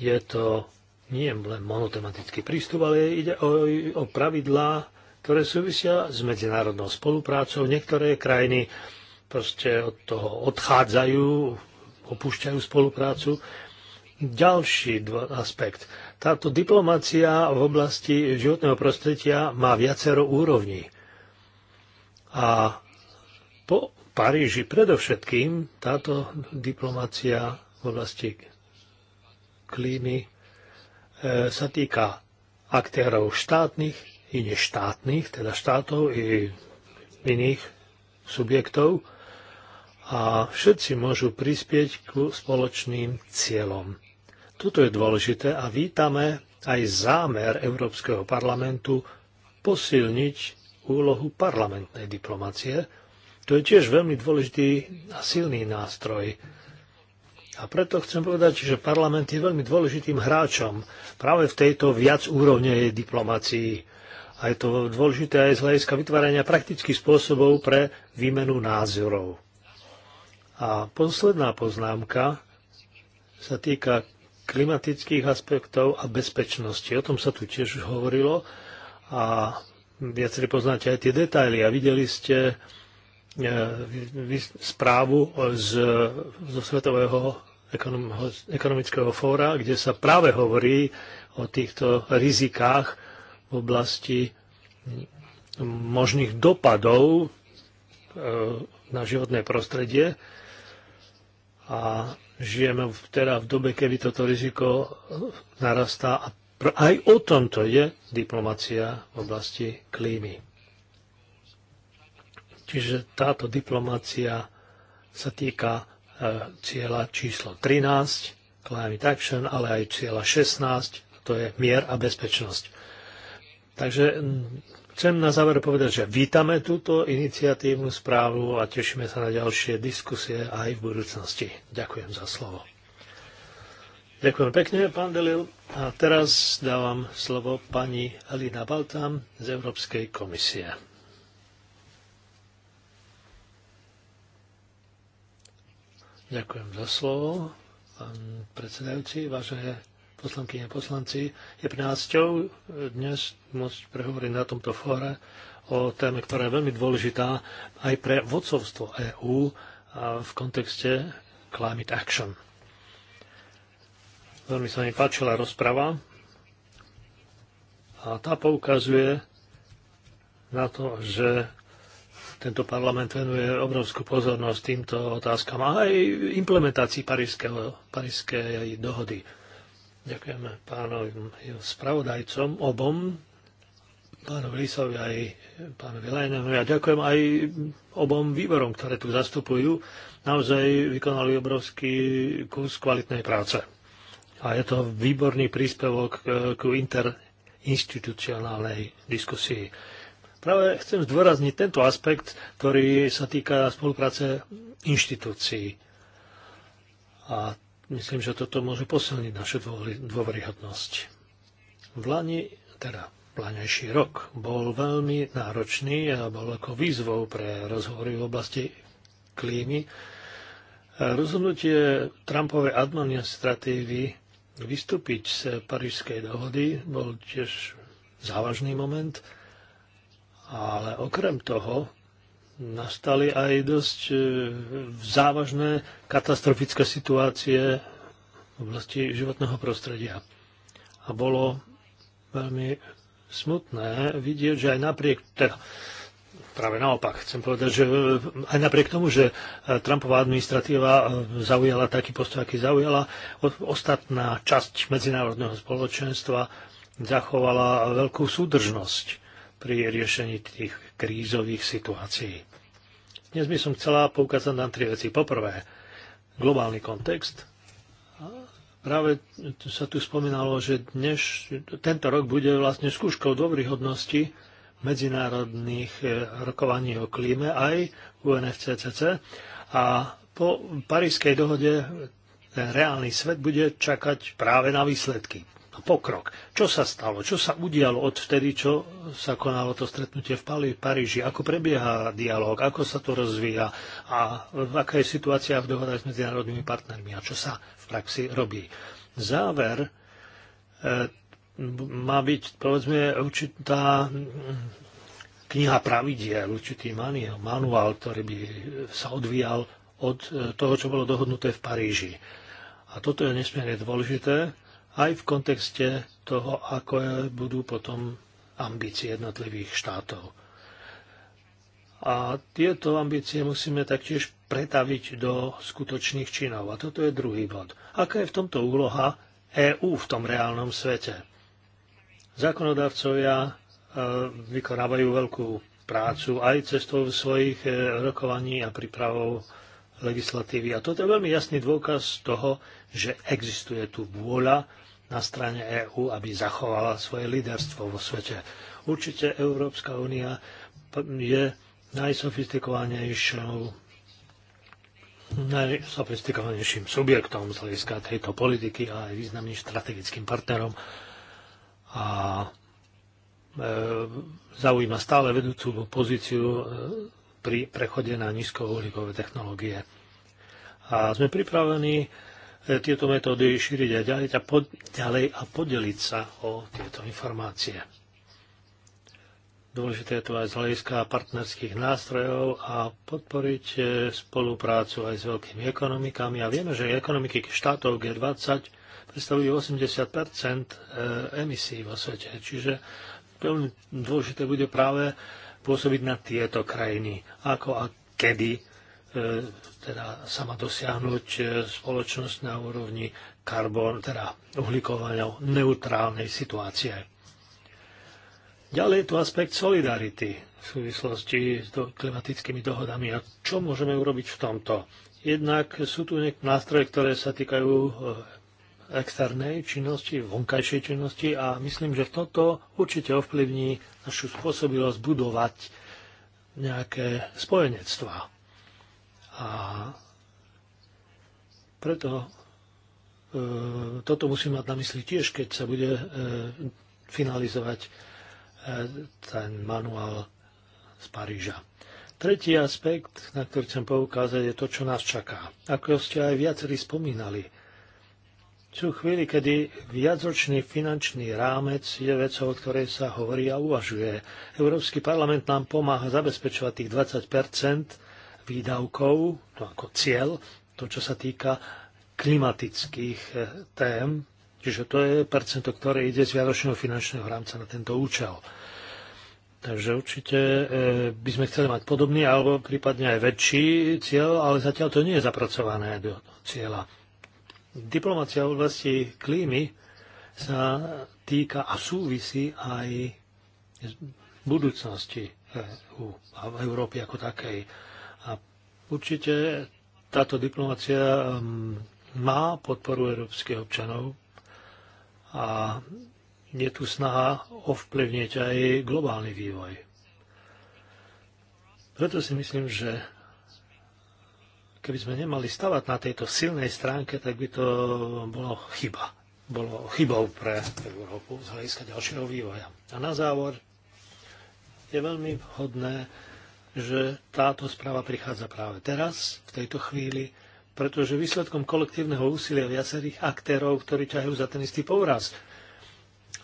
Je to nie len monotematický prístup, ale ide o, o pravidlá, ktoré súvisia s medzinárodnou spoluprácou. Niektoré krajiny proste od toho odchádzajú, opúšťajú spoluprácu ďalší aspekt. Táto diplomácia v oblasti životného prostredia má viacero úrovní. A po Paríži predovšetkým táto diplomácia v oblasti klímy e, sa týka aktérov štátnych i neštátnych, teda štátov i iných subjektov a všetci môžu prispieť k spoločným cieľom. Toto je dôležité a vítame aj zámer Európskeho parlamentu posilniť úlohu parlamentnej diplomacie. To je tiež veľmi dôležitý a silný nástroj. A preto chcem povedať, že parlament je veľmi dôležitým hráčom práve v tejto viac úrovne diplomácii. A je to dôležité aj z hľadiska vytvárania praktických spôsobov pre výmenu názorov. A posledná poznámka sa týka klimatických aspektov a bezpečnosti. O tom sa tu tiež hovorilo a viacerí poznáte aj tie detaily a videli ste e, správu z, zo Svetového ekonomického fóra, kde sa práve hovorí o týchto rizikách v oblasti možných dopadov e, na životné prostredie. A Žijeme teda v dobe, kedy toto riziko eh, narastá a aj o tomto je diplomacia v oblasti klímy. Čiže táto diplomacia sa týka eh, cieľa číslo 13, Climate Action, ale aj cieľa 16, to je mier a bezpečnosť. Takže mm, Chcem na záver povedať, že vítame túto iniciatívnu správu a tešíme sa na ďalšie diskusie aj v budúcnosti. Ďakujem za slovo. Ďakujem pekne, pán Delil. A teraz dávam slovo pani Alina Baltam z Európskej komisie. Ďakujem za slovo, pán predsedajúci, vážené poslankyne a poslanci. Je pre nás ťou dnes môcť prehovoriť na tomto fóre o téme, ktorá je veľmi dôležitá aj pre vodcovstvo EÚ v kontexte Climate Action. Veľmi sa mi páčila rozprava a tá poukazuje na to, že tento parlament venuje obrovskú pozornosť týmto otázkam a aj implementácii Parískej dohody Ďakujeme pánovim spravodajcom obom, pánovi Lisovi aj pánovi Lajnenovi a ďakujem aj obom výborom, ktoré tu zastupujú. Naozaj vykonali obrovský kus kvalitnej práce. A je to výborný príspevok k interinstitucionálnej diskusii. Práve chcem zdôrazniť tento aspekt, ktorý sa týka spolupráce inštitúcií. A Myslím, že toto môže posilniť našu dôveryhodnosť. V Lani, teda Lanejší rok, bol veľmi náročný a bol ako výzvou pre rozhovory v oblasti klímy. Rozhodnutie Trumpovej administratívy vystúpiť z Parížskej dohody bol tiež závažný moment, ale okrem toho nastali aj dosť e, závažné katastrofické situácie v oblasti životného prostredia. A bolo veľmi smutné vidieť, že aj napriek, teda práve naopak, chcem povedať, že e, aj napriek tomu, že e, Trumpová administratíva zaujala taký postoj, aký zaujala, ostatná časť medzinárodného spoločenstva zachovala veľkú súdržnosť pri riešení tých krízových situácií. Dnes by som chcela poukázať na tri veci. Poprvé, globálny kontext. Práve sa tu spomínalo, že dnes, tento rok bude vlastne skúškou dôvryhodnosti medzinárodných e, rokovaní o klíme aj UNFCCC a po parískej dohode ten reálny svet bude čakať práve na výsledky pokrok. Čo sa stalo? Čo sa udialo od vtedy, čo sa konalo to stretnutie v Paríži? Ako prebieha dialog? Ako sa to rozvíja? A aká je situácia v dohodách s medzinárodnými partnermi? A čo sa v praxi robí? Záver e, má byť, povedzme, určitá kniha pravidiel, určitý manuál, ktorý by sa odvíjal od e, toho, čo bolo dohodnuté v Paríži. A toto je nesmierne dôležité, aj v kontexte toho, ako budú potom ambície jednotlivých štátov. A tieto ambície musíme taktiež pretaviť do skutočných činov. A toto je druhý bod. Aká je v tomto úloha EÚ v tom reálnom svete? Zákonodávcovia e, vykonávajú veľkú prácu aj cestou svojich e, rokovaní a prípravou legislatívy. A toto je veľmi jasný dôkaz toho, že existuje tu vôľa na strane EÚ, aby zachovala svoje líderstvo vo svete. Určite Európska únia je najsofistikovanejšou najsofistikovanejším subjektom z hľadiska tejto politiky a aj významným strategickým partnerom. A e, zaujíma stále vedúcu pozíciu e, pri prechode na nízkouhlíkové technológie. A sme pripravení E, tieto metódy šíriť a ďalej a, pod, ďalej a podeliť sa o tieto informácie. Dôležité je to aj z hľadiska partnerských nástrojov a podporiť e, spoluprácu aj s veľkými ekonomikami. A vieme, že ekonomiky štátov G20 predstavujú 80 e, emisí vo svete. Čiže veľmi dôležité bude práve pôsobiť na tieto krajiny. Ako a kedy E, teda sa má dosiahnuť e, spoločnosť na úrovni karbon, teda uhlíkovania neutrálnej situácie. Ďalej je tu aspekt solidarity v súvislosti s do, klimatickými dohodami. A čo môžeme urobiť v tomto? Jednak sú tu nejaké nástroje, ktoré sa týkajú e, externej činnosti, vonkajšej činnosti a myslím, že toto určite ovplyvní našu spôsobilosť budovať nejaké spojenectvá. A preto e, toto musí mať na mysli tiež, keď sa bude e, finalizovať e, ten manuál z Paríža. Tretí aspekt, na ktorý chcem poukázať, je to, čo nás čaká. Ako ste aj viacerí spomínali, sú chvíli, kedy viacročný finančný rámec je vecou, o ktorej sa hovorí a uvažuje. Európsky parlament nám pomáha zabezpečovať tých 20 výdavkov, to ako cieľ, to, čo sa týka klimatických e, tém, čiže to je percento, ktoré ide z viadočného finančného rámca na tento účel. Takže určite e, by sme chceli mať podobný alebo prípadne aj väčší cieľ, ale zatiaľ to nie je zapracované do cieľa. Diplomácia v oblasti klímy sa týka a súvisí aj z budúcnosti EU a v Európy ako takej. Určite táto diplomácia um, má podporu európskych občanov a je tu snaha ovplyvniť aj globálny vývoj. Preto si myslím, že keby sme nemali stavať na tejto silnej stránke, tak by to bolo chyba. Bolo chybou pre Európu z hľadiska ďalšieho vývoja. A na závor je veľmi vhodné že táto správa prichádza práve teraz, v tejto chvíli, pretože výsledkom kolektívneho úsilia viacerých aktérov, ktorí ťahajú za ten istý povraz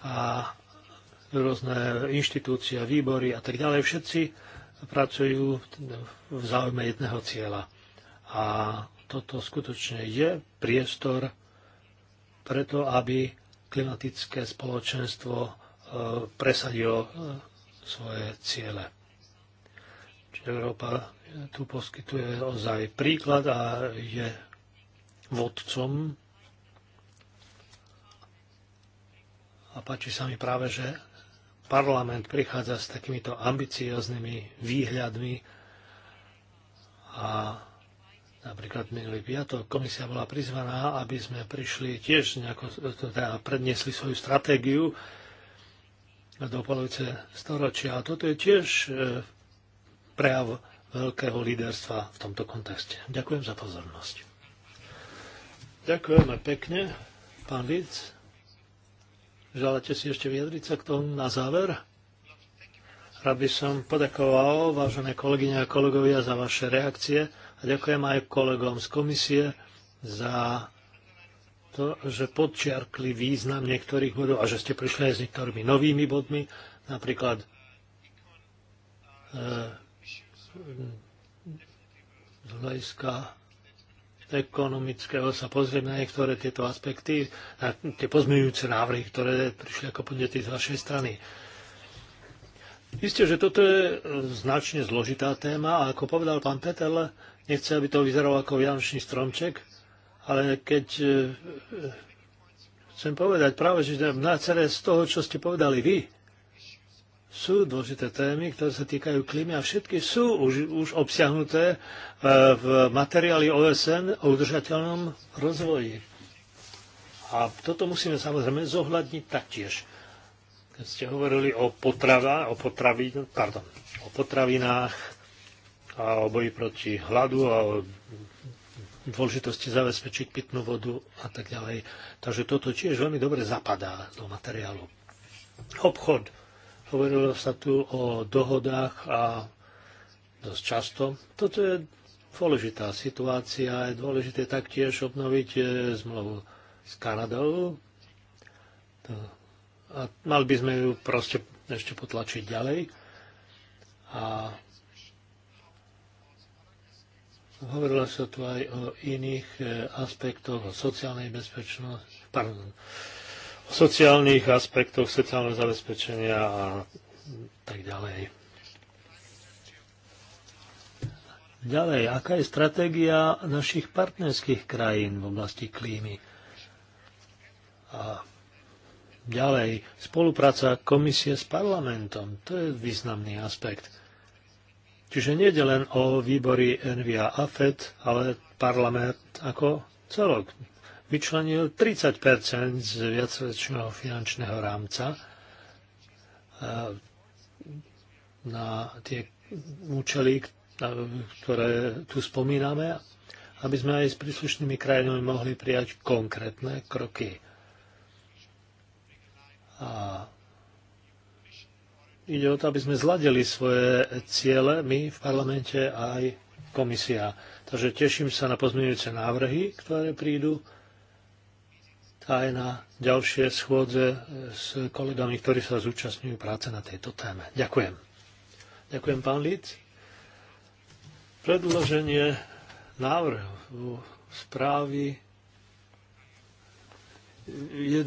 a rôzne inštitúcie, výbory a tak ďalej, všetci pracujú v záujme jedného cieľa. A toto skutočne je priestor preto, aby klimatické spoločenstvo e, presadilo e, svoje ciele. Európa tu poskytuje ozaj príklad a je vodcom. A páči sa mi práve, že parlament prichádza s takýmito ambicioznými výhľadmi a napríklad minulý piatok komisia bola prizvaná, aby sme prišli tiež nejako, teda predniesli svoju stratégiu do polovice storočia. A toto je tiež e, prejav veľkého líderstva v tomto kontexte. Ďakujem za pozornosť. Ďakujeme pekne. Pán Vic, želáte si ešte vyjadriť sa k tomu na záver? Rád by som podakoval, vážené kolegyne a kolegovia, za vaše reakcie a ďakujem aj kolegom z komisie za to, že podčiarkli význam niektorých bodov a že ste prišli aj s niektorými novými bodmi, napríklad e, z hľadiska ekonomického sa pozrieme na niektoré tieto aspekty, na tie pozmeňujúce návrhy, ktoré prišli ako podnety z vašej strany. Isté, že toto je značne zložitá téma a ako povedal pán Petel, nechce, aby to vyzeralo ako vianočný stromček, ale keď e, chcem povedať práve, že na celé z toho, čo ste povedali vy, sú dôležité témy, ktoré sa týkajú klímy a všetky sú už, už obsiahnuté e, v materiáli OSN o udržateľnom rozvoji. A toto musíme samozrejme zohľadniť taktiež. Keď ste hovorili o, potrava, o, potravi, pardon, o potravinách a o boji proti hladu a o dôležitosti zabezpečiť pitnú vodu a tak ďalej. Takže toto tiež veľmi dobre zapadá do materiálu. Obchod Hovorilo sa tu o dohodách a dosť často. Toto je dôležitá situácia. Je dôležité taktiež obnoviť e, zmluvu s Kanadou. A mali by sme ju proste ešte potlačiť ďalej. A hovorilo sa tu aj o iných e, aspektoch, o sociálnej bezpečnosti, pardon, sociálnych aspektoch sociálneho zabezpečenia a tak ďalej. Ďalej, aká je stratégia našich partnerských krajín v oblasti klímy? A ďalej, spolupráca komisie s parlamentom, to je významný aspekt. Čiže nie je len o výbory Envia a FED, ale parlament ako celok, vyčlenil 30 z viacročného finančného rámca eh, na tie účely, ktoré tu spomíname, aby sme aj s príslušnými krajinami mohli prijať konkrétne kroky. A ide o to, aby sme zladili svoje ciele my v parlamente aj komisia. Takže teším sa na pozmeňujúce návrhy, ktoré prídu aj na ďalšie schôdze s kolegami, ktorí sa zúčastňujú práce na tejto téme. Ďakujem. Ďakujem, pán Líc. Predloženie návrhu správy je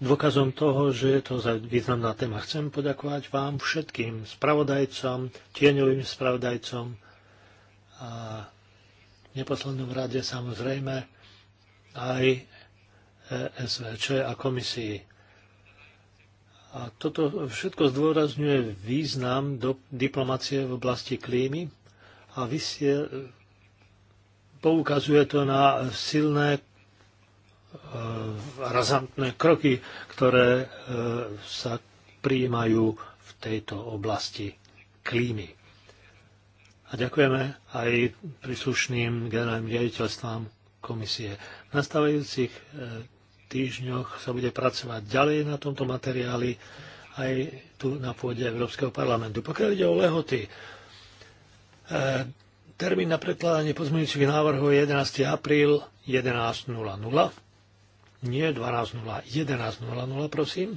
dôkazom toho, že je to za významná téma. Chcem poďakovať vám všetkým spravodajcom, tieňovým spravodajcom a v neposlednom rade samozrejme aj ESVČ a komisii. A toto všetko zdôrazňuje význam do diplomacie v oblasti klímy a vysie, poukazuje to na silné e, razantné kroky, ktoré e, sa prijímajú v tejto oblasti klímy. A ďakujeme aj príslušným generálnym riaditeľstvám komisie. V nastávajúcich e, týždňoch sa bude pracovať ďalej na tomto materiáli aj tu na pôde Európskeho parlamentu. Pokiaľ ide o lehoty, e, termín na predkladanie pozmeňujúcich návrhov je 11. apríl 11.00, nie 12.00, 11.00 prosím.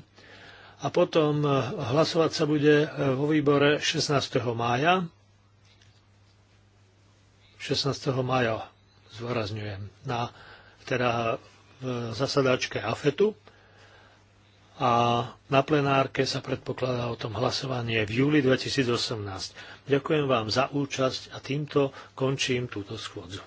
A potom e, hlasovať sa bude e, vo výbore 16. mája. 16. mája, zvorazňujem, na teda v zasadačke AFETu a na plenárke sa predpokladá o tom hlasovanie v júli 2018. Ďakujem vám za účasť a týmto končím túto schôdzu.